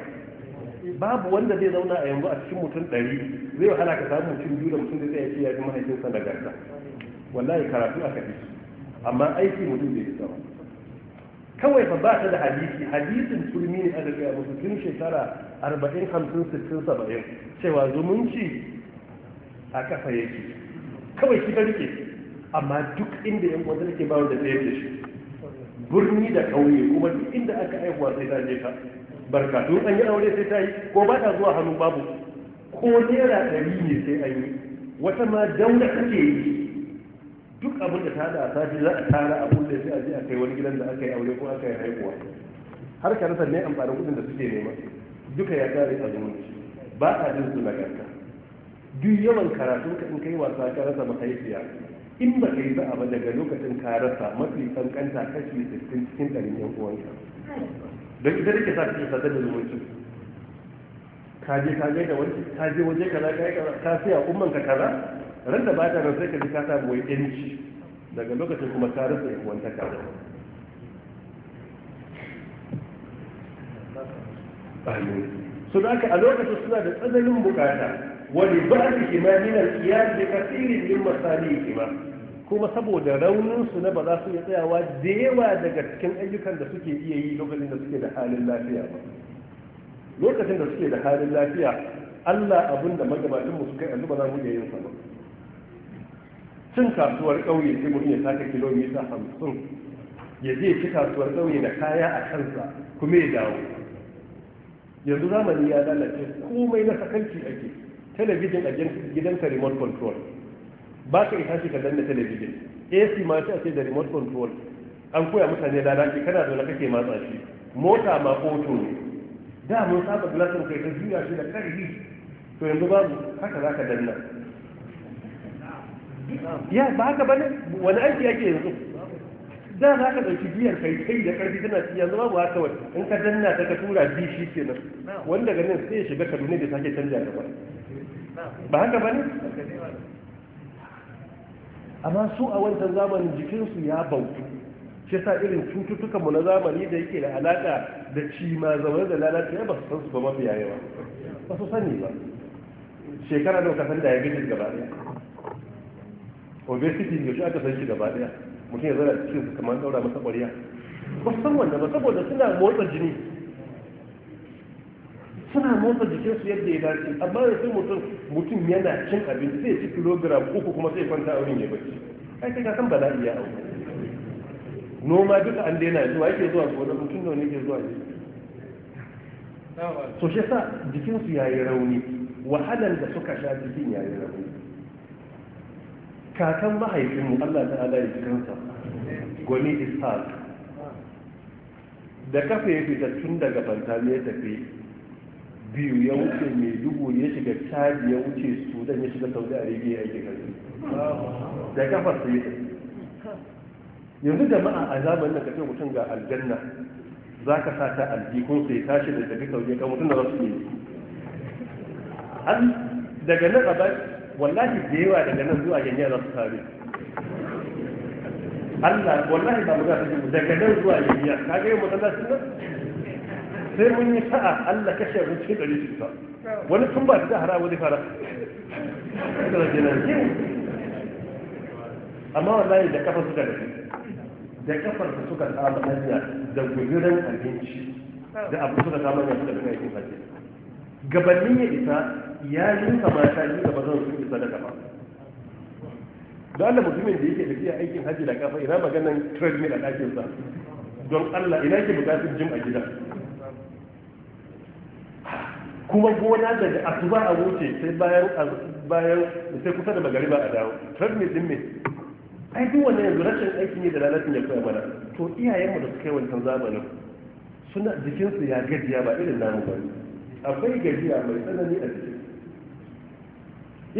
babu wanda zai zauna a yanzu a cikin mutum ɗari zai wahala ka samu mutum biyu da mutum da zai ce ya mahaifinsa na garka wallahi karatu aka fi amma aiki mutum bai isa kawai fa ba ta da hadisi hadisin turmi ne a daga musu tun shekara arba'in hamsin sittin saba'in cewa zumunci a kafa yake kawai shi ta rike amma duk inda yan uwanta ke ba da ɗaya da shi birni da ƙauye kuma duk inda aka haihuwa sai ta je ka barka to an yi aure sai ta yi ko ba ta zuwa hannu babu ko naira ɗari ne sai an yi wata ma dauna take yi duk abin da ta da ji za a tara a kulle sai a je a kai wani gidan da aka yi aure ko aka yi haihuwa har ka rasa ne amfanin kuɗin da suke nema duka ya kare a zumunci ba a jin su nagarta duk yawan karatun ka in kai wasa ka rasa mahaifiya in ba ka yi za'a ba daga lokacin ka rasa mafi kankanta kashi 60 cikin ɗarin yan uwanka don ita da ke sa kake sadar da zumunci ka je ka da wani ka je waje ka za ka siya umman ka kaza ran da ba ta rasa ka ji ka samu buwai yanci daga lokacin kuma ka rasa yan uwanka kaza amin su da a lokacin suna da tsananin bukata wani ba su kima minar iyali da kasirin yin masali kima kuma saboda rauninsu na ba za su iya tsayawa da yawa daga cikin ayyukan da suke iya yi lokacin da suke da halin lafiya ba lokacin da suke da halin lafiya allah abin da magabatinmu suka kai ba za mu iya yin sa ba cin kasuwar ƙauye sai mutum ya taka kilomita hamsin ya je ci kasuwar ƙauye da kaya a kansa kuma ya dawo yanzu zamani ya lalace komai na sakanci ake talabijin a gidan remote control ba ka isa shi ka danna talabijin ac ma sai a ce da remote control an koya mutane da lalace kana zaune kake matsa shi mota ma oto ne da mun saba glasin kai ta juya shi da karfi to yanzu babu haka za ka danna ya ba haka ba ne? wani aiki yake yanzu da za ka ɗauki biyar kai kai da ƙarfi tana ci yanzu babu haka wani in ka danna ta ka tura bi shi ke nan wani daga nan sai ya shiga kaduna da sake canja ka ba ba haka amma su a wancan zamanin jikinsu ya bautu shi sa irin cututtukan mu na zamani da yake da alaka da ci ma zaune da lalacewa ba su san su ba mafi yawa ba su sani ba shekara da kasan diabetes gaba daya obesity da shi aka san shi gaba ɗaya mutum ya zara cikin su kamar daura masa ƙwariya ba su san wanda ba saboda suna motsa jini suna motsa jikinsu yadda ya dace amma da sai mutum mutum yana cin abinci sai ci kilogram uku kuma sai kwanta a wurin ya bacci ai kai ka san bala'i ya auku noma duka an daina zuwa yake zuwa gobe mutum nawa ne yake zuwa ne so shi sa jikinsu yayi rauni wahalan da suka sha jikin yayi rauni kakan mahaifinmu Allah ta'ala ya ji kansa gwani ishaq da kafa ya fita tun daga bantami ya tafi biyu ya wuce mai dubu ya shiga caji ya wuce sudan ya shiga saudi arabia ya ke su da kafar sai ya yanzu jama'a a zamanin da kafin mutum ga aljanna za ka sa ta aljikun sai tashi da tafi saudi kan mutum da za su yi daga nan a bai wallahi da yawa daga nan zuwa yanya za su tare Allah wallahi ba mu za su daga nan zuwa yanya ka ga yau mutum za su sai mun yi sa'a Allah kashe mun cikin ɗari cuta wani tun ba da hara wani fara amma wallahi da kafa suka da da kafar su suka samu hanya da gudurin abinci da abu suka samu hanya suka daga yakin hajji gabanin ya isa ya yi mata yi gaba zan su isa da kafa don Allah mutumin da yake tafiya aikin hajji da kafa ina maganan treadmill a ɗakinsa don Allah ina ke bukatun jim a gida kuma gona daga asuba a wuce sai bayan bayan sai kusa da magariba a dawo me din me ai duk wannan yanzu rashin aiki ne da lalacin ya kai mana to iyayenmu da suka yi wancan zamanin suna jikinsu ya gajiya ba irin namu ba akwai gajiya mai tsanani a jiki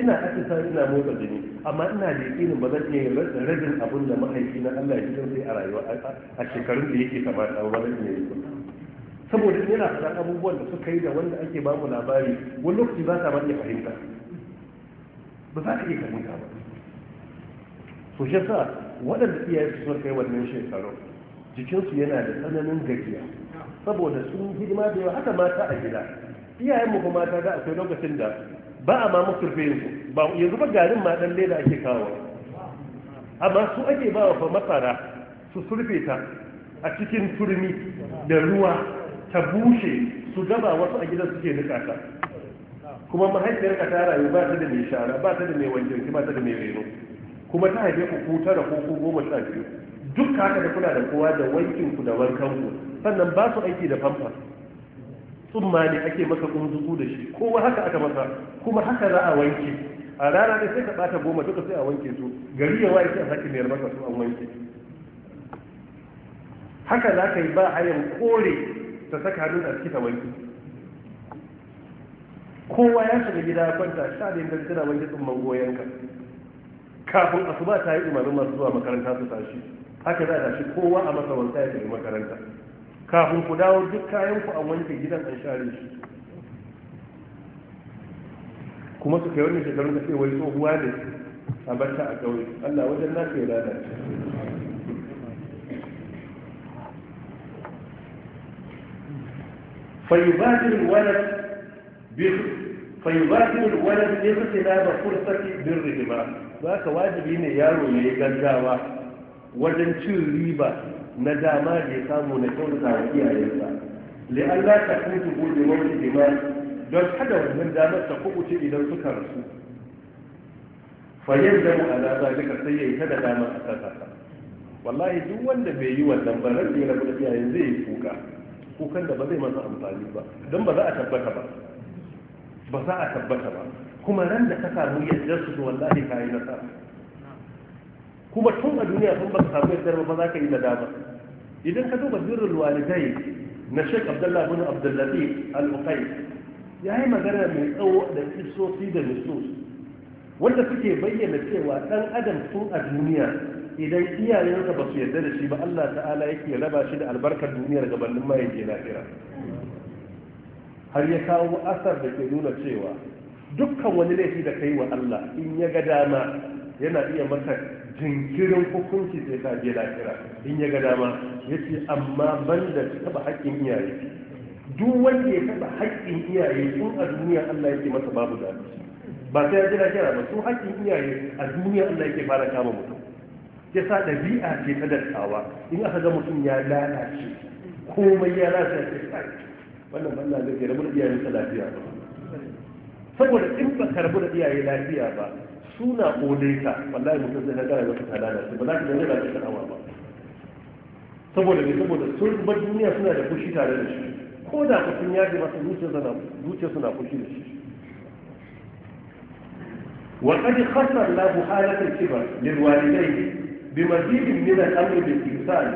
ina ake ina motsa jini amma ina da yakinin ba zan iya rajin abin da mahaifi na Allah ya ji sai a rayuwa a shekarun da yake kamata ba zan iya yi ba saboda yana da abubuwan da suka yi da wanda ake ba labari wani lokaci ba sa ba iya fahimta ba za ka iya fahimta ba So shi sa waɗanda iyaye su suka kai wannan shekaru jikinsu yana da tsananin gajiya saboda sun hidima da yawa haka mata a gida iyayenmu kuma mata za akwai lokacin da ba a ma musu rufe yanzu ba yanzu ba garin ma dan leda ake kawo amma su ake ba wa masara su surfe ta a cikin turmi da ruwa ta bushe su gaba wasu a gidan suke nika ta kuma mahaifiyar ka ta rayu ba ta da mai shara ba ta da mai wankin, ba ta da mai reno kuma ta haife ku ku tara ko ku goma sha biyu duk haka da kuna da kowa da wankin ku da wankan ku sannan ba su aiki da famfa tsumma ne ake maka kunzuku da shi kowa haka aka masa kuma haka za a wanke a rana ne sai ka bata goma duka sai a wanke su gari ya waye sai a sake mayar maka su an wanke haka za ka yi ba hayan kore ta saka hannun a cikin ta wanki kowa ya shiga gida ya kwanta sha da yanzu tana wanki tsumman goyonka kafin asuba ta yi umarnin masu zuwa makaranta su tashi haka za a tashi kowa a masa wanka ya tafi makaranta kafin ku dawo duk kayan ku a wanke gidan an share shi kuma su kai wani shekarun da ke wai tsohuwa ne a bata a ƙauye Allah wajen na ke lalace فيبادر الولد فيبادر الولد اغتنام فرصة برهما ذاك واجبي ne yaro ne ya gaggawa wajen cin riba na dama da ya samu na kyautata wa iyayensa li'alla ta kuntu gobe wani dima don kada wannan damar ta kubuce idan suka rasu fayyar da mu alaza duka sai ya yi ta da dama a sassa wallahi duk wanda bai yi wannan ba ran da ya rabu zai yi kuka kukan da ba zai masa amfani ba don ba za a tabbata ba ba za a tabbata ba kuma ran da ka samu yadda su wallahi ka yi nasara kuma tun a duniya sun baka samu yadda ba za ka yi nadama idan ka duba birrul walidai na Sheikh Abdullahi bin Abdul Al-Uqay ya yi magana mai tsawo da kisosi da nusus wanda suke bayyana cewa dan adam tun a duniya idan iyayensa ba su yarda da shi ba Allah ta'ala yake raba shi da albarkar duniyar gabanin ma yake lafira har ya kawo asar da ke nuna cewa dukkan wani laifi da kai wa Allah in ya ga dama yana iya maka jinkirin hukunci sai ka je lafira in ya ga dama yace amma ban da taba haƙƙin iyaye duk wanda ya taba haƙƙin iyaye tun a duniya Allah yake masa babu zafi ba sai ya je lafira ba su haƙƙin iyaye a duniya Allah yake fara kama mutum ya sa ɗabi'a ce ta dattawa in aka ga mutum ya lalace komai ya lalace ta wannan ban zai ke rabu da iyayen ta lafiya ba saboda in ba ka rabu da iyaye lafiya ba suna ƙone ka wallahi mutum zai nagara ga ta lalace ba za ka dinga da sha'awa ba saboda ne saboda sun bar duniya suna da fushi tare da shi ko da kusan yaji masa zuciya suna fushi da shi وقد خسر له حالة الكبر للوالدين bi mazidin min al-amr bil ihsan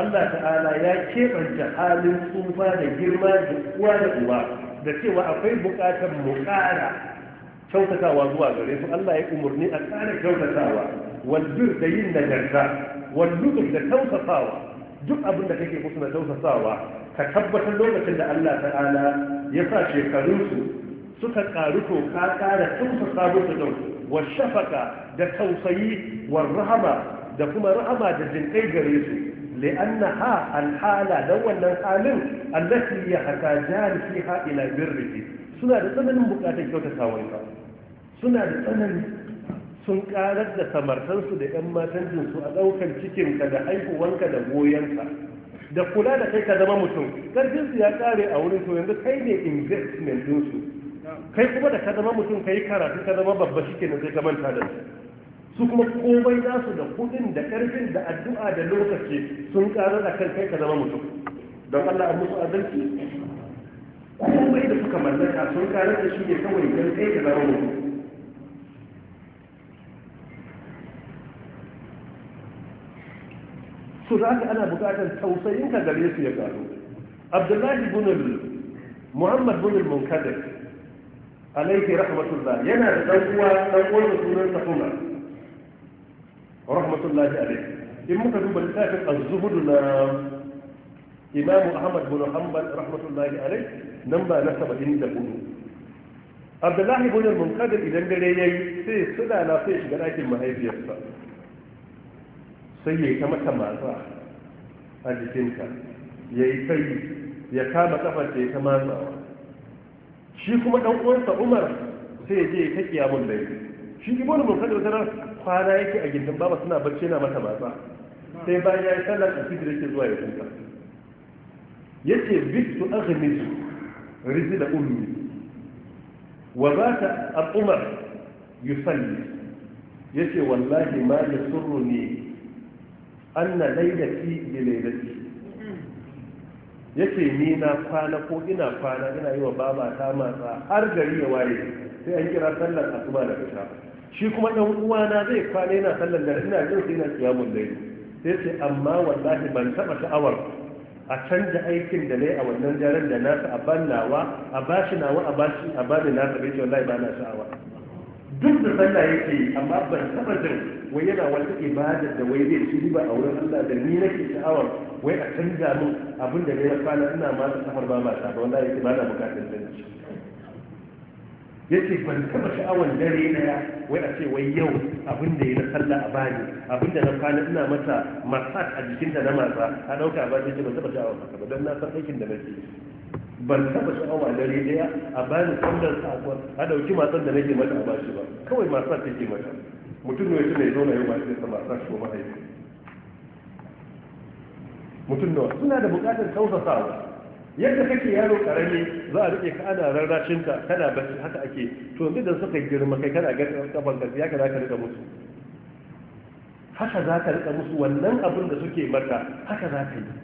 Allah ta'ala ya keɓanta halin tsufa da girma da uwa da uwa da cewa akwai buƙatar mu ƙara kyautatawa zuwa gare su Allah ya umarni a ƙara kyautatawa walbir da yin nagarta walluɗin da tausasawa duk abin da kake kusa na tausasawa ka tabbatar lokacin da Allah ta'ala ya sa shekarunsu suka ƙaru to ka ƙara tausasa musu wa shafaka da tausayi wa rahama da kuma rahama da jinkai gare su ha wannan لأنها الحالة لو ha ila birri suna da tsananin bukatun kyauta sawai بكاتك Suna da tsananin sun karar da samartansu da 'yan matan su a cikin ka da ka da ka. da kula da kai ka zama mutum su ya kare a wurin to yanzu kai ne investment su kai kuma da ka zama mutum ka karatu ka zama babba shi ke sai ka manta da su su kuma komai su da kudin da karfin da addu'a da lokaci sun karar a kan kai ka zama mutum don Allah a musu adalci komai da suka mallaka sun karar da shi ne kawai don kai ka zama mutum su za ka ana bukatar tausayin ka gare su ya gano abdullahi bunul muhammad bunul munkadir alaihi rahmatullah yana da ɗan uwa ɗan uwan sunan sa rahmatullahi alaihi in muka duba littafin az-zuhud na imam ahmad bin hanbal rahmatullahi alaihi nan ba na 74 abdullahi al munkadir idan dare yayi sai suna na sai shiga ɗakin mahaifiyarsa sai yayi ta mata masa a jikinta yayi kai ya kama kafar ta ta matsawa shi kuma dan uwansa Umar sai ya je ya kiyamun dai shi ibnu munkadir tana kwana yake a gindin baba suna barci na mata matsa sai bayan ya yi sallar alfijir yake zuwa ya kuka yake bitu su, rizi da ummi wa ta al-umar Ya yace wallahi ma na anna laylati bi Ya yace ni na kwana ko ina kwana ina yi wa baba ta matsa har gari ya waye sai an kira sallar asuba da fita. shi kuma ɗan uwana zai kwana yana sallar dare ina jin sai na kiyamun dare sai ce amma wallahi ban taɓa sha'awar a canja aikin da nayi a wannan daren da na a ban a bashi nawa a bashi a bani nasa bai ce wallahi ba na sha'awa duk da sallah yake yi amma ban taɓa jin wai yana wata ibada da wai zai ci riba a wurin Allah da ni nake sha'awar wai a canja min abin da na kwana ina ma ta safar ba ma ta ba wallahi ibada bukatun zanci yake ban taba sha'awar dare na ya wai a ce wai yau abin da ya na sallah a bani abin da na kwana ina mata masat a jikinta na masa a dauka ba ce ban taba sha'awar haka ba don na san aikin da nake ban taba sha'awar dare daya a bani sallar sakon a ɗauki matsan da nake mata a bashi ba kawai masat take mata mutum ne mai zauna yau masu sai sa masat ko mahaifi mutum nawa suna da buƙatar tausasawa yadda kake yaro karami za a rike ka ana rarrashin ka kana bacci haka ake to yanzu da suka girma kai kana ga kafan ka ya ka za ka rika musu haka za ka rika musu wannan abin da suke maka haka za ka yi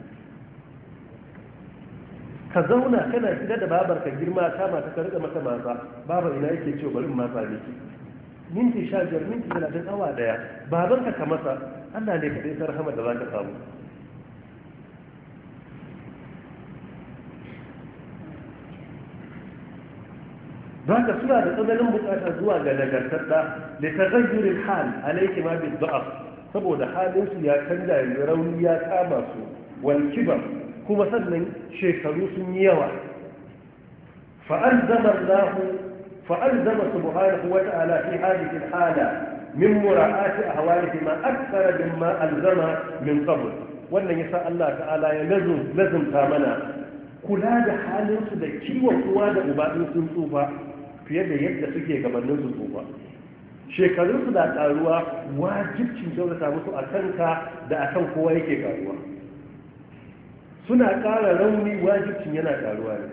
ka zauna kana gida da babar ka girma ta mata ka rika masa matsa babar ina yake cewa bari matsa miki minti sha biyar minti talatin awa daya babar ka ka masa Allah ne ka dai sarhama da za ka samu don ka suna da tsananin bukata zuwa ga nagartatta da ta hal a laiki ma bi ba'af saboda halinsu ya canza yanzu rauni ya kama su wani kuma sannan shekaru sun yi yawa fa'al zama zama su buhari kuwa ta ala fi halikin hala min mura'ati a hawalihi ma akara bin ma alzama min qabl wannan yasa Allah ta'ala ya lazumta mana kula da halinsu da kiwon kuwa da ubadin sun tsufa fiye da yadda suke gabanin su tsufa shekarun su na karuwa wajibcin kyautata musu a kanka da a kan kowa yake karuwa suna kara rauni wajibcin yana karuwa ne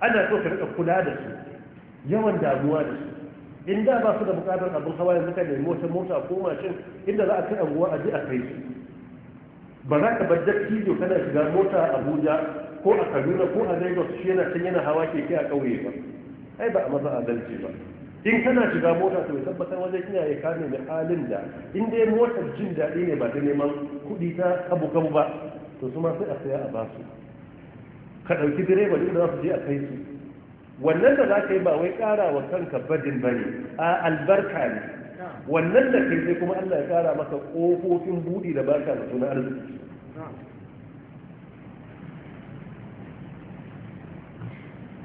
ana so ka rika kula da su yawan damuwa da su in da ba su da bukatar abin hawa yanzu ka nemi wata mota ko mashin inda za a kai anguwa a je a kai su ba za ka bar dattijo kana shiga mota a abuja ko a kaduna ko a lagos shi yana can yana hawa keke a ƙauye ba ai ba a maza adalci ba in kana shiga mota to tabbatar wajen kiyaye kame da halin da in dai motar jin daɗi ne ba ta neman kuɗi ta abu ba to su ma sai a saya a basu ka ɗauki direba duk da za su je a kai su wannan da za ka yi ba wai ƙara wa kanka badin ba ne a albarka ne wannan da kai sai kuma Allah ya ƙara maka ƙofofin buɗi da baka da suna arziki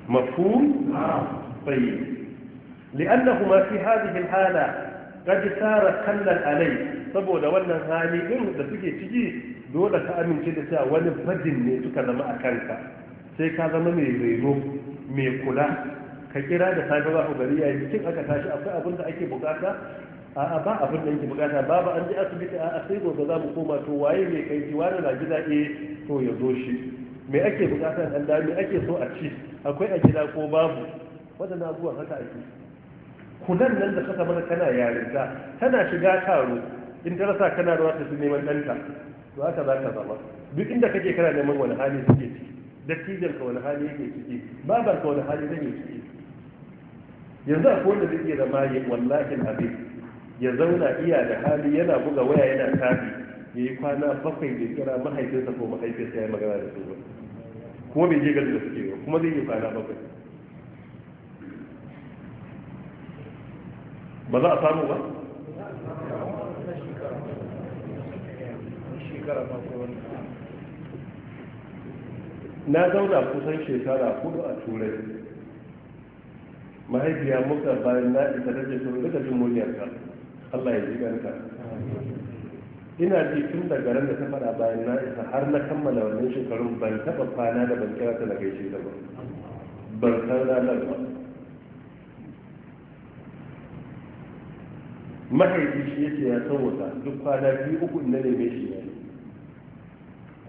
مفهوم طيب لأنهما في هذه الحالة قد صار كلا عليه saboda wannan hali din da suke ciki dole ka amince da cewa wani fadin ne suka zama a kanka sai ka zama mai rero mai kula ka kira da safe ba ku gari yayi cikin aka tashi akwai abin da ake bukata a'a ba abin da yake bukata babu an je asibiti a'a sai gobe za mu koma to waye mai kai ki wani na gida eh to ya zo shi me ake bukatar Allah mai ake so a ci akwai a gida ko babu wadanda abubuwan haka ake kunan nan da kasa mana kana yarinta tana shiga taro in ta rasa kana ruwa ta neman danta, to haka za ka zama duk inda kake kana neman wani hali suke ciki dattijan ka wani hali yake ciki babar ka wani hali zai ciki yanzu akwai wanda zai iya zama ya wallahi abin ya zauna iya da hali yana buga waya yana tafi ya yi kwana bakwai da kira mahaifinsa ko mahaifinsa ya magana da su kuma bai je garin da suke ba kuma zai yi kwana bakwai ba za a samu ba na zauna kusan shekara hudu a turai mahaifiya muka bayan na isa da ke sun rika jin muryarka allah ya ji ganka ina ji tun daga ran da ta fara bayan na isa har na kammala wannan shekarun ban taɓa kwana da ban kira ta na gaishe ta ba ban san ranar ba mahaifi shi yake ya san wata duk kwana biyu uku inda ne mai shi ya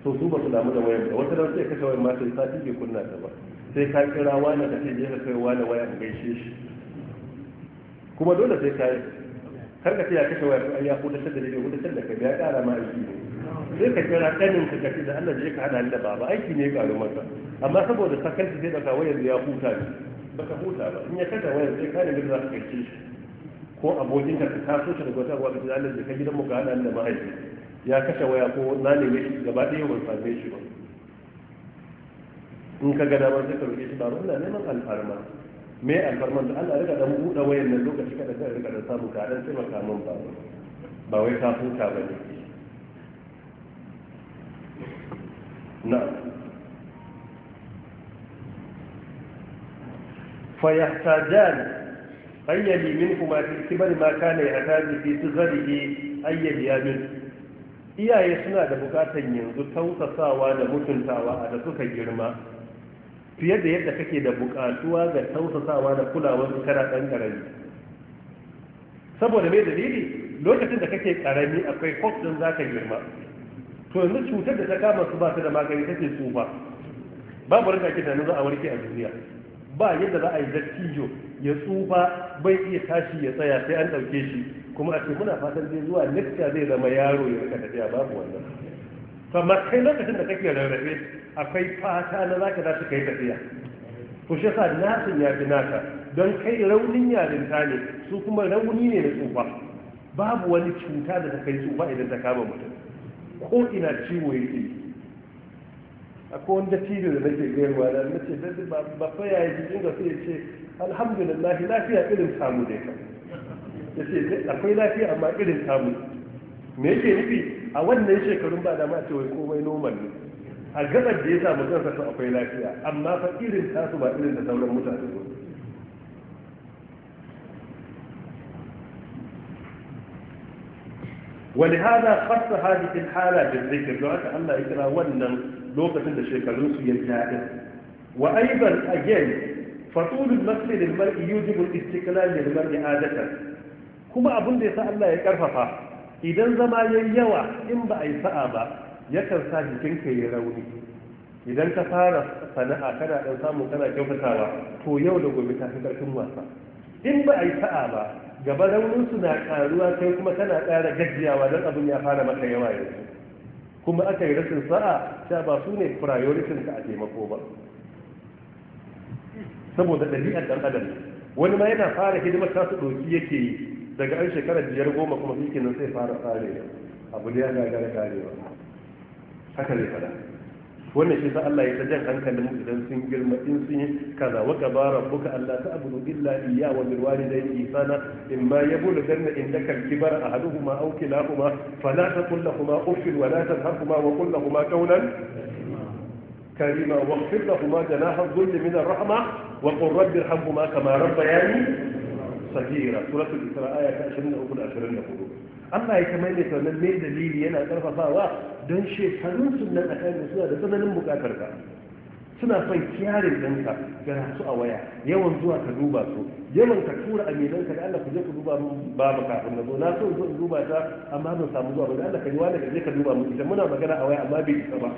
to su ba su damu da wayan ba wata da sai kashe wayan ma sai sati ke kunna ta ba sai ka kira wani da ta je ka kai wani wayan gaishe shi kuma dole sai ka yi kar ka ya kashe wayar ko ya hudatar da ya hudatar da kai ya kara ma aiki ne sai ka kira kanin ka kace da Allah je ka hada da baba aiki ne ya karu masa amma saboda sakanci sai daga wayar ya huta ne baka huta ba in ya kada wayar sai ka ne za ka kace shi ko abokin ka ka so shi daga wata da Allah je ka gidan mu ka hada da aiki. ya kashe waya ko na ne mai gaba ɗaya ban same shi ba in ka ga damar sai ka roƙe shi ba wannan neman alfarma me alfarman da Allah rika dan buɗe wayar nan lokaci kada sai rika da samu ka dan taimaka min ba ba wai ka huta ba ne na fa yahtajan ayyali minkuma fi kibari ma kana yahtaji fi tuzarihi ayyali ya min iyaye suna da bukatan yanzu tausasawa da mutuntawa a da suka girma fiye da yadda kake da buƙatuwa ga tausasawa da kulawar kana ɗan ƙarami saboda mai dalili lokacin da kake ƙarami akwai don za ka girma to yanzu cutar da ta kama su ba su da magani take tsufa babu rinka ake tunanin za a warke a duniya ba yadda za a yi dattijo ya tsufa bai iya tashi ya tsaya sai an ɗauke shi kuma a ce muna fatan zai zuwa nekta zai zama yaro ya rika tafiya babu wannan kamar kai lokacin da kake rarrabe akwai fata na za ka kai tafiya ku shi sa nasin ya fi naka don kai raunin yarinta ne su kuma rauni ne na tsufa babu wani cuta da ta kai tsufa idan ta kama mutum ko ina ciwo yake akwai wanda ciwo da nake gaiwa da nace da ba fa ya yi jikin ga sai ce alhamdulillah lafiya irin samu dai ka yace ce akwai lafiya amma irin samu me yake nufi a wannan shekarun ba da ma ce wai komai normal ne a gabar da ya samu kansa to akwai lafiya amma fa irin tasu ba irin da sauran mutane ba wani hada fasa hajjikin hala da zikir don haka Allah ya kira wannan lokacin da shekarun su ya fi wa aiban again fasulun masu da mar'i yujibun istiklal da mar'i adatar kuma abin da ya sa Allah ya karfafa idan zama ya yawa in ba a yi sa'a ba yakan sa jikinka ya rauni idan ka fara sana'a kana dan samun kana kyautatawa to yau da gobe ta fi ƙarfin wasa in ba a yi sa'a ba gaba raunin su na ƙaruwa kai kuma kana ƙara gajiyawa don abin ya fara maka yawa yanzu kuma aka yi rashin sa'a sha ba su ne ka a taimako ba saboda ɗabi'ar ɗan adam wani ma yana fara hidimar kasu ɗoki yake yi daga an shekarar biyar goma kuma shi zai sai fara tsare abu da ya gagara karewa haka zai fada wannan shi sa Allah ya ta jan hankalin mu idan sun girma in sun yi kaza wa kabara buka Allah ta abudu illa iyya wa bil in ihsana imma yabulu ganna indaka al kibar ahaduhuma aw kilahuma fala taqul lahumā uff wa la hakuma wa qul lahumā qawlan كريما واغفر لهما جناح الذل rahma الرحمه وقل رب ارحمهما كما ربياني sagira suratul isra aya ta 23 da 24 Allah ya kamar da wannan mai dalili yana karfafawa don shekarun sunan a kan suna da tsananin bukatar ka suna son kiyarin ɗanka ga su a waya yawan zuwa ka duba su yawan ka tura a aminanka da Allah ku je ku duba mun ba kafin na zo na so zo duba ta amma ban samu zuwa ba da Allah ka yi wani ka je ka duba mu ita muna magana a waya amma bai isa ba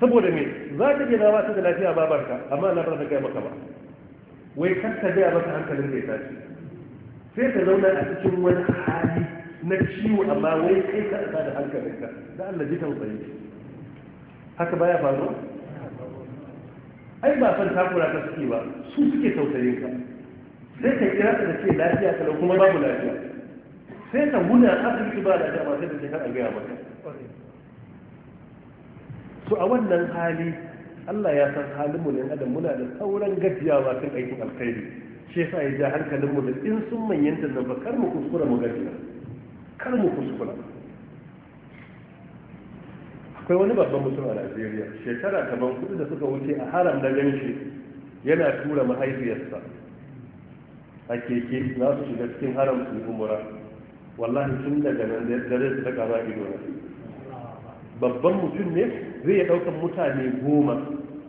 saboda me za ka je na ba ta da lafiya babarka amma na ba ta gaya maka ba wai kar ka je maka hankalin da ya tashi sai ka zauna a cikin wani hali na ciwo amma wai kai ka sa da hankalinka da Allah ji tausayi haka baya faruwa ai ba san takura ka suke ba su suke tausayin ka sai ka kira ka da ce lafiya ka kuma babu lafiya sai ka guda asibiti ba lafiya ba sai da shekar an gaya maka su a wannan hali Allah ya san halin mu ne adam muna da sauran ba kan aikin alkhairi shi ya ja hankalin mu da in sun manyanta nan ba kar mu kuskura mu gari kar mu kuskura akwai wani babban mutum a Najeriya shekara ban kudu da suka wuce a haram da ganshi yana tura mahaifiyarsa a keke za su shiga cikin haram su yi umura wallahi tun daga nan dare su ta kama ido na babban mutum ne zai ya ɗaukar mutane goma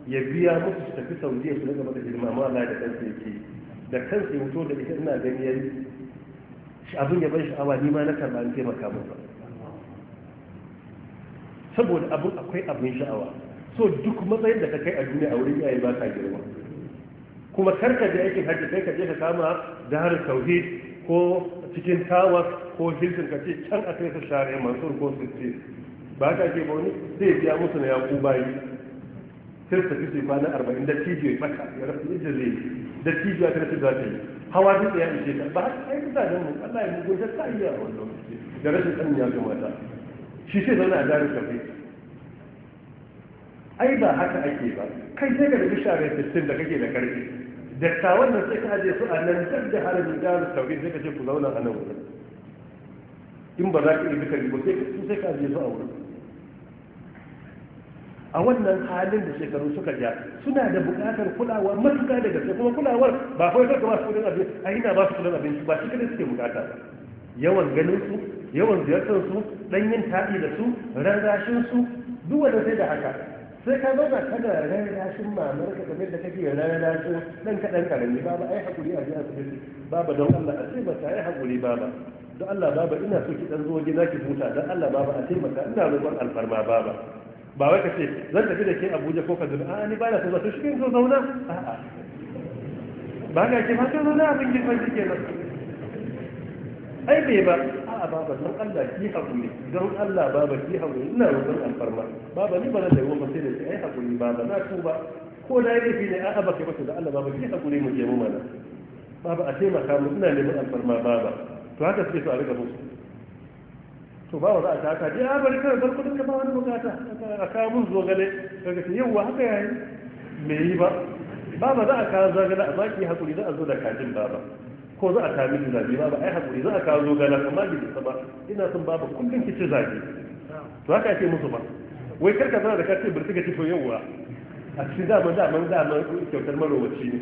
ya biya musu su tafi saudiya su na da girma ma Allah da ɗan yake da kansa ya da ita ina gani yayi abin ya bai sha'awa ni ma na karɓa an taimaka ba. saboda abu akwai abin sha'awa so duk matsayin da ka kai a duniya a wurin iyaye ba ka girma kuma karka je aikin hajji kai ka je ka kama dahar tauhid ko cikin tawas ko hilton ka ce can a kai su share mansur ko sitti ba ka ke ba wani zai biya musu na yaku bayi sai su fi su kwanan arba'in da cibiyoyi baka ya rasu yadda zai yi da cibiya ta rasu za ta yi hawa duk ya ishe ta ba haka ai kusa da mu Allah ya mu goje ta iya wannan lokaci da rashin sanin ya kamata shi sai zauna a jarin kafe ai ba haka ake ba kai sai ka rubi share 60 da kake da karfi dattawan nan sai ka aje su a nan duk da harajin jarin tauhid sai ka ce ku zauna a nan wurin in ba za ka yi duka ribo sai ka aje su a wurin a wannan halin da shekaru suka ja suna da buƙatar kulawa matuƙa da gaske kuma kulawar ba kawai karka ba su kudin abinci a ina ba su kudin abinci ba shi kada suke buƙata ba yawan ganin su yawan ziyartar su ɗanyin taɗi da su rarrashin su duk wanda sai da haka sai ka zauna kana rarrashin mamar ka kamar da kake rarrashin ɗan kaɗan karami baba ai haƙuri a ji asibiti baba don Allah a ce ba ta yi haƙuri baba don Allah baba ina so ki ɗan zo gida ki huta don Allah baba a taimaka ina roƙon alfarma baba ba wai ka ce zan tafi da ke abuja ko kaduna a ni ba na so shi ne zauna a'a ba ga ke ma to zauna abin girman shi kenan ai bai ba a'a baba don Allah ki hakuri don Allah baba ki hakuri ina roƙon alfarma baba ni ba na da wofa sai da ke ai hakuri ba. na tuba ko da yake fi ne a'a ba kai ba da Allah baba ki hakuri mu ke mu mana baba a taimaka mu ina neman alfarma baba to haka suke so a riga musu to ba wa za a taka je a bari kawai bar kudin ba wani bukata a kawo mun zogale daga ce yawwa haka yayi me yi ba ba ba za a kawo zagana a baki hakuri za a zo da kajin ba ba ko za a kawo miki zabi ba ba ai hakuri za a kawo zogale amma bai isa ba ina son baba kullum ki ci zabi to haka ake musu ba wai karka zana da kace bar suka ci to yawwa a cikin dama daman dama kyautar marowaci ne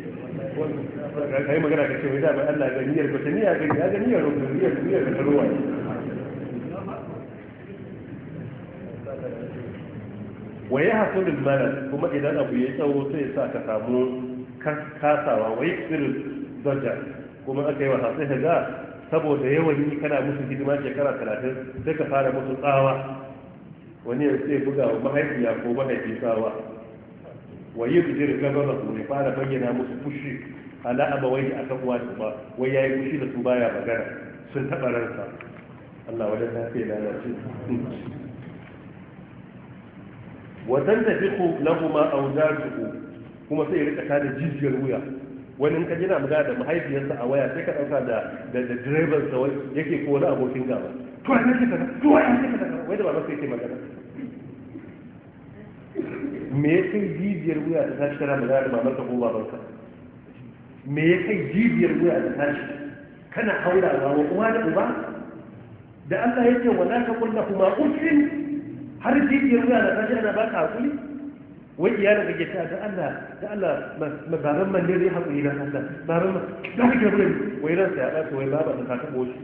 yi magana ka ce wai dama Allah ga niyyar ko ta niyya ga niyyar ko ta niyyar ka ruwa wa ya hasulul malal kuma idan abu ya tsawo sai sa ka samu kasawa wa yasiru dajja kuma aka yi wa sai ka ga saboda yawan yi kana musu hidima shekara talatin sai ka fara musu tsawa wani ya sai buga wa mahaifiya ko mahaifi tsawa wa yi bijir gaba da ya fara bayyana musu fushi ala abawai aka uwa su ba wai yayi fushi da su baya magana sun taɓa ransa Allah wajen lafiya lalace wa lahu ma awdaduhu kuma sai rika da jijiyar wuya wani in ka jina magana da mahaifiyarsa a waya sai ka dauka da da driver sa wai yake ko wani abokin gaba to ai nake kaza to ai nake kaza wai da ba sai ke magana me ya jijiyar wuya ta tashi kana magana da mamarka ko babanka me ya jijiyar wuya ta tashi kana haurawa wa uwa da uba da Allah yake wala ka kullu ma ufin har jijiyar wuya na kaji ana baka hakuri wai iyalin da ke ta da Allah da Allah ma baban man ne zai hakuri na Allah baban man da kake rubuta wai ran sa ya baka wai baba da ka tabo shi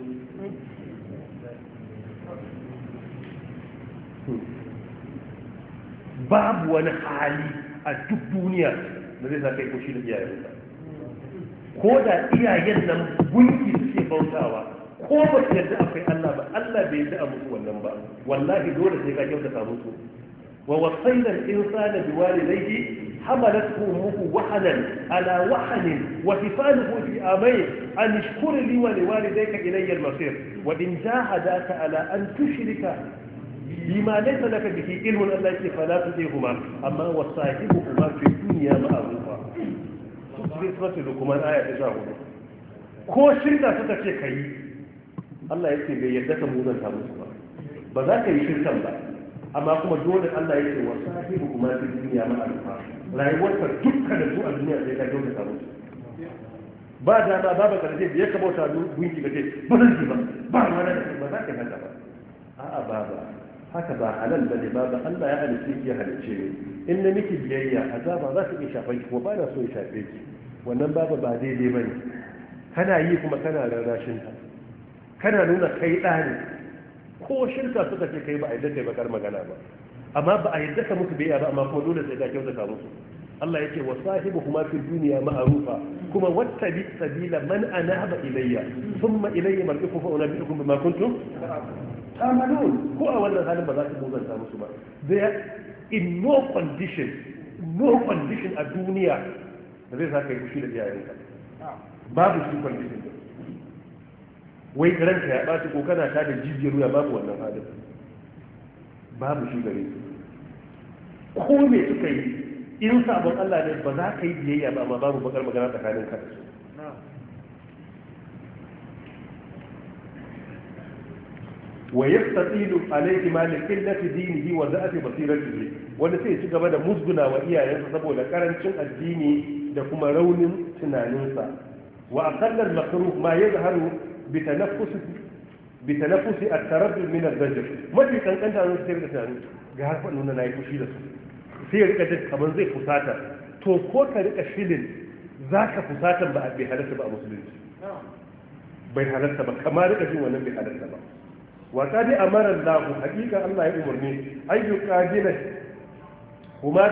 babu wani hali a duk duniya da zai sa kai kushi da iyayen ko da iyayen nan gunki suke bautawa ko ba ta yarda akwai Allah ba Allah bai yarda a mutu wannan ba wallahi dole sai ka kyautata mutu wa wasaina al-insana bi walidayhi hamalat ummuhu wahalan ala wahalin wa tifanuhu fi amay an ishkur li wa li walidayka ilayya al-masir wa in jahadaka ala an tushrika bima laysa laka bihi ilmun Allah yake fala tudihuma amma wasahibuhuma fi dunya ma'rufa sura 34 ayat 14 ko shirka suka ce kai Allah ya ce bai yarda ka muzanta musu ba ba za ka yi shirkan ba amma kuma dole Allah ya ce wa sahibu kuma fi duniya ma alfa rayuwar ka dukka da su a duniya sai ka dole ka musu ba da ba ba ba karje da ya kabauta gunki ka ce ba zan ba ba wani da ba za ka yi haka ba a'a ba ba haka ba halal ba ne ba ba Allah ya halice ki ya halice ni in na miki biyayya azaba za ta iya shafan ki kuma ba na so ya shafe ki wannan babu ba daidai ba ne kana yi kuma kana rarrashin ta kana nuna kai ɗa ne ko shirka suka ce kai ba a yadda kai bakar magana ba amma ba a yadda ka musu biya ba amma kuma dole sai ka kyautata musu Allah yake wa sahibu kuma fi duniya ma'arufa kuma wata bi sabila man anaba ilayya thumma ilayya marji'ukum fa unabbi'ukum bima kuntum ta'malun ko a wannan halin ba za ku muzanta musu ba there in no condition no condition a duniya da zai sa kai fushi da iyayenka babu shi condition wai ranka ya ɓata ko kana ta da jijiyar wuya babu wannan halin babu shi gare ko me suka yi in sabon Allah ne ba za ka yi biyayya ba amma babu bakar magana tsakanin ka da su wa yastatilu alayhi ma li qillati dinihi wa da'ati basiratihi wanda sai ci gaba da musguna wa iyayensa saboda karancin addini da kuma raunin tunaninsa wa aqalla makruh ma yadhharu بتنفس بتنفس التردد من البجر ما في كان كان تعمل سير da ga har fa nuna nayi fushi da su sai rika jin kaman zai fusata to ko ka rika shilin zaka fusatan ba bai halarta ba a musulunci bai halarta ba kamar rika jin wannan bai halarta ba wa qad amara Allah haqiqa Allah ya umarni ayyuka dina kuma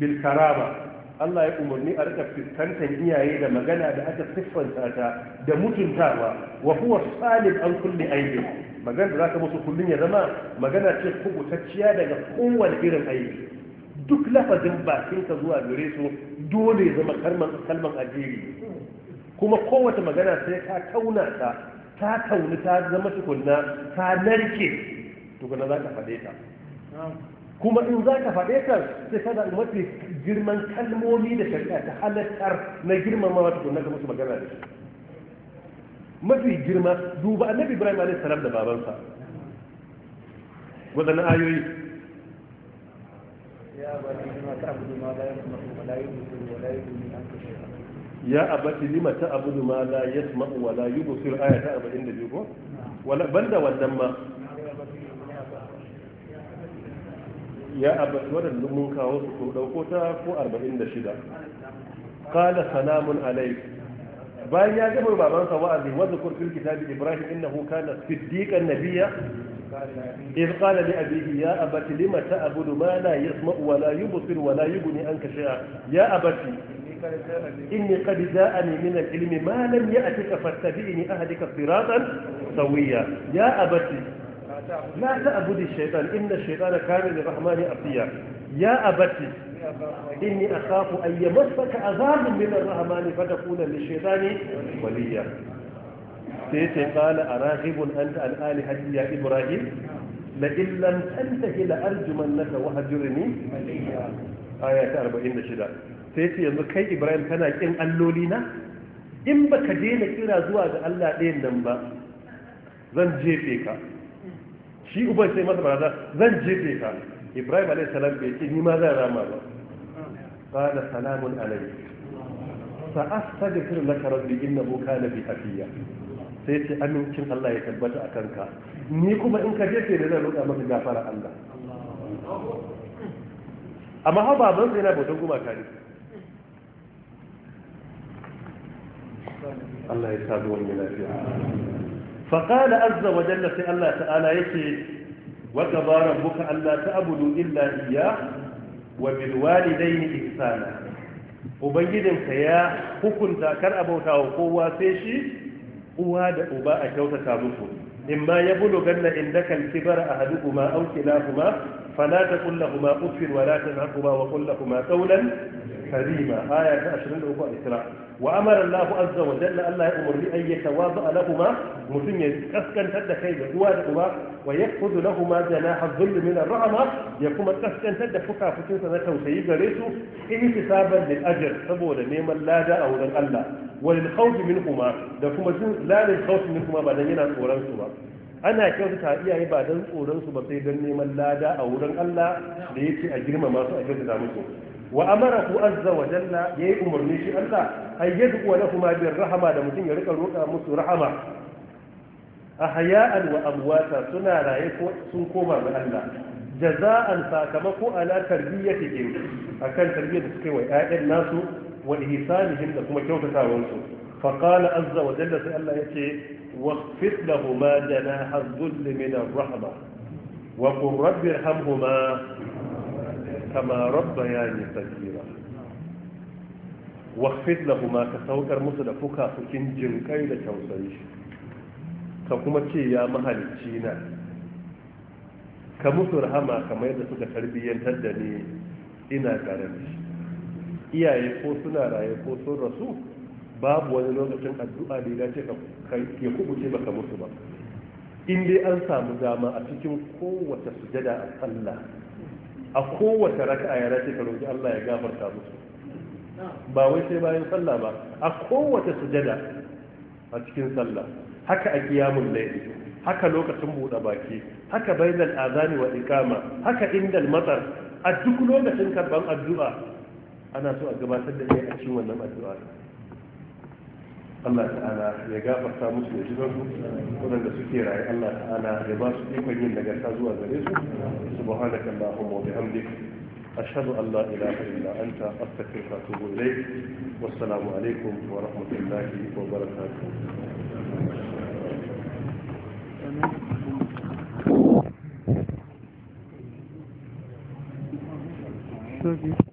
bil qawl Allah ya umarni a rika fuskantar iyaye da magana da aka siffanta ta da mutuntawa wa huwa salim an kulli aibin magana da zaka musu kullun ya zama magana ce kubutacciya daga kowane irin aibi duk lafazin bakin ka zuwa gare su dole ya zama kalman kalman ajiri kuma kowace magana sai ka tauna ta ta tauni ta zama tukunna ta narke tukuna za ka faɗe ta kuma in za ka faɗe ta sai kada mafi girman kalmomi da shari'a ta halattar na girmamawa tukunna ka musu magana da shi mafi girma duba annabi ibrahim alaihi salam da babansa wadannan ayoyi ya abati lima ta abudu ma la yasma'u wa la yubsir ayata 42 ko wala banda wannan ma ya abu waɗanda mun kawo su ko ɗauko ta ko arba'in da shida kala salamun alai bayan ya gama babansa wa'azi wadda kurfin kitabi ibrahim innahu kana siddiqan nabiyya إذ قال لأبيه يا أبت لم تعبد ما لا يسمع ولا يبصر ولا يغني عنك شيئا يا أبت إني قد جاءني من العلم ما لم يأتك فاتبعني أهدك صراطا سويا يا أبت la ta'budu shaytan inna shaytana kana lirrahmani asiya ya abati inni akhafu an yamassaka azabun min arrahmani fatakuna lishaytani waliya sai ce qala arahibun anta an alihati ya ibrahim la ta hila tantahi la arjumannaka wa hajurni aya ta shida. sai ce yanzu kai ibrahim kana ƙin alloli na in ba ka daina kira zuwa ga Allah ɗayan nan ba zan jefe ka shi uban sai masa barata zan jefe ka ibrahim alayhi salam bai ce ni ma zan rama ba qala salamun alayhi sa astaghfiru laka rabbi innahu kana bi hafiya sai ce amincin Allah ya tabbata a kanka ni kuma in ka jefe ne zan roƙa maka gafara Allah amma ha baban sai na bautan ka ne Allah ya sa zuwan lafiya Allah عز وجل في الله تعالى Allah وقضى ربك ألا wa إلا إياه وبالوالدين ubangidin ka ya hukunta kar abauta wa kowa sai shi uwa da uba a kyautata musu in ma ya bulu ganna inda kan kibara a hadu kuma kuma fala ta kulla kuma uffin wa la ta wa kulla kuma kaulan karima aya ta 23 a isra wa amara Allah azza wa jalla Allah ya umarni an yatawadda lahuma mutum ya kaskantar da kai da uwa da uba wa yakhudhu lahuma janaha na min ar-rahma ya kuma kaskantar da kuka sa na tausayi gare su ihtisaban lil ajr saboda neman lada a wurin Allah wa lil khawfi minhuma da kuma jin la lil khawfi ba dan yana tsoronsu ba ana kyautata iyaye ba don tsoronsu su ba sai don neman lada a wurin Allah da yake a girmama su a kyautata musu wa ku azza wa jalla yayi umarni shi Allah ay yadu lahum bin rahama da mutum ya rika roƙa musu rahama ahya'an wa amwata suna raye ko sun koma ga Allah jaza'an sakamako ala tarbiyyatihim akan tarbiyyar da suke wa ƴaƴan nasu wa ihsanihim da kuma kyautatawan su fa qala azza wa jalla sai Allah yace waqfit lahum janaha adh-dhulli min ar-rahma wa qur rabbi irhamhuma kama rabbayani sagira waqfid lahuma ka saukar musu da fuka fukin jinkai da tausayi ka kuma ce ya mahalicci na ka musu rahama kamar yadda suka tarbiyyantar da ni ina karami iyaye ko suna raye ko sun rasu babu wani lokacin addu'a da ya dace ya kubuce baka musu ba in dai an samu dama a cikin kowace sujada a sallah a kowace raka ya race ka roƙi Allah ya gafarta musu ba wai sai bayan sallah ba a kowace sujada a cikin sallah haka a kiyamun laili haka lokacin buɗe baki haka bainal azani wa ikama haka indal matsar a duk lokacin karban addu'a ana so a gabatar da shi a cikin wannan addu'a Allah ta'ala ya gafarta musu ya jiran waɗanda suke raye Allah ta'ala ya ba su ikon yin nagarta zuwa gare su subhanaka allahumma wa bihamdik ashhadu an la ilaha illa anta astaghfiruka wa atubu ilayk wassalamu alaikum wa rahmatullahi wa barakatuh Thank you.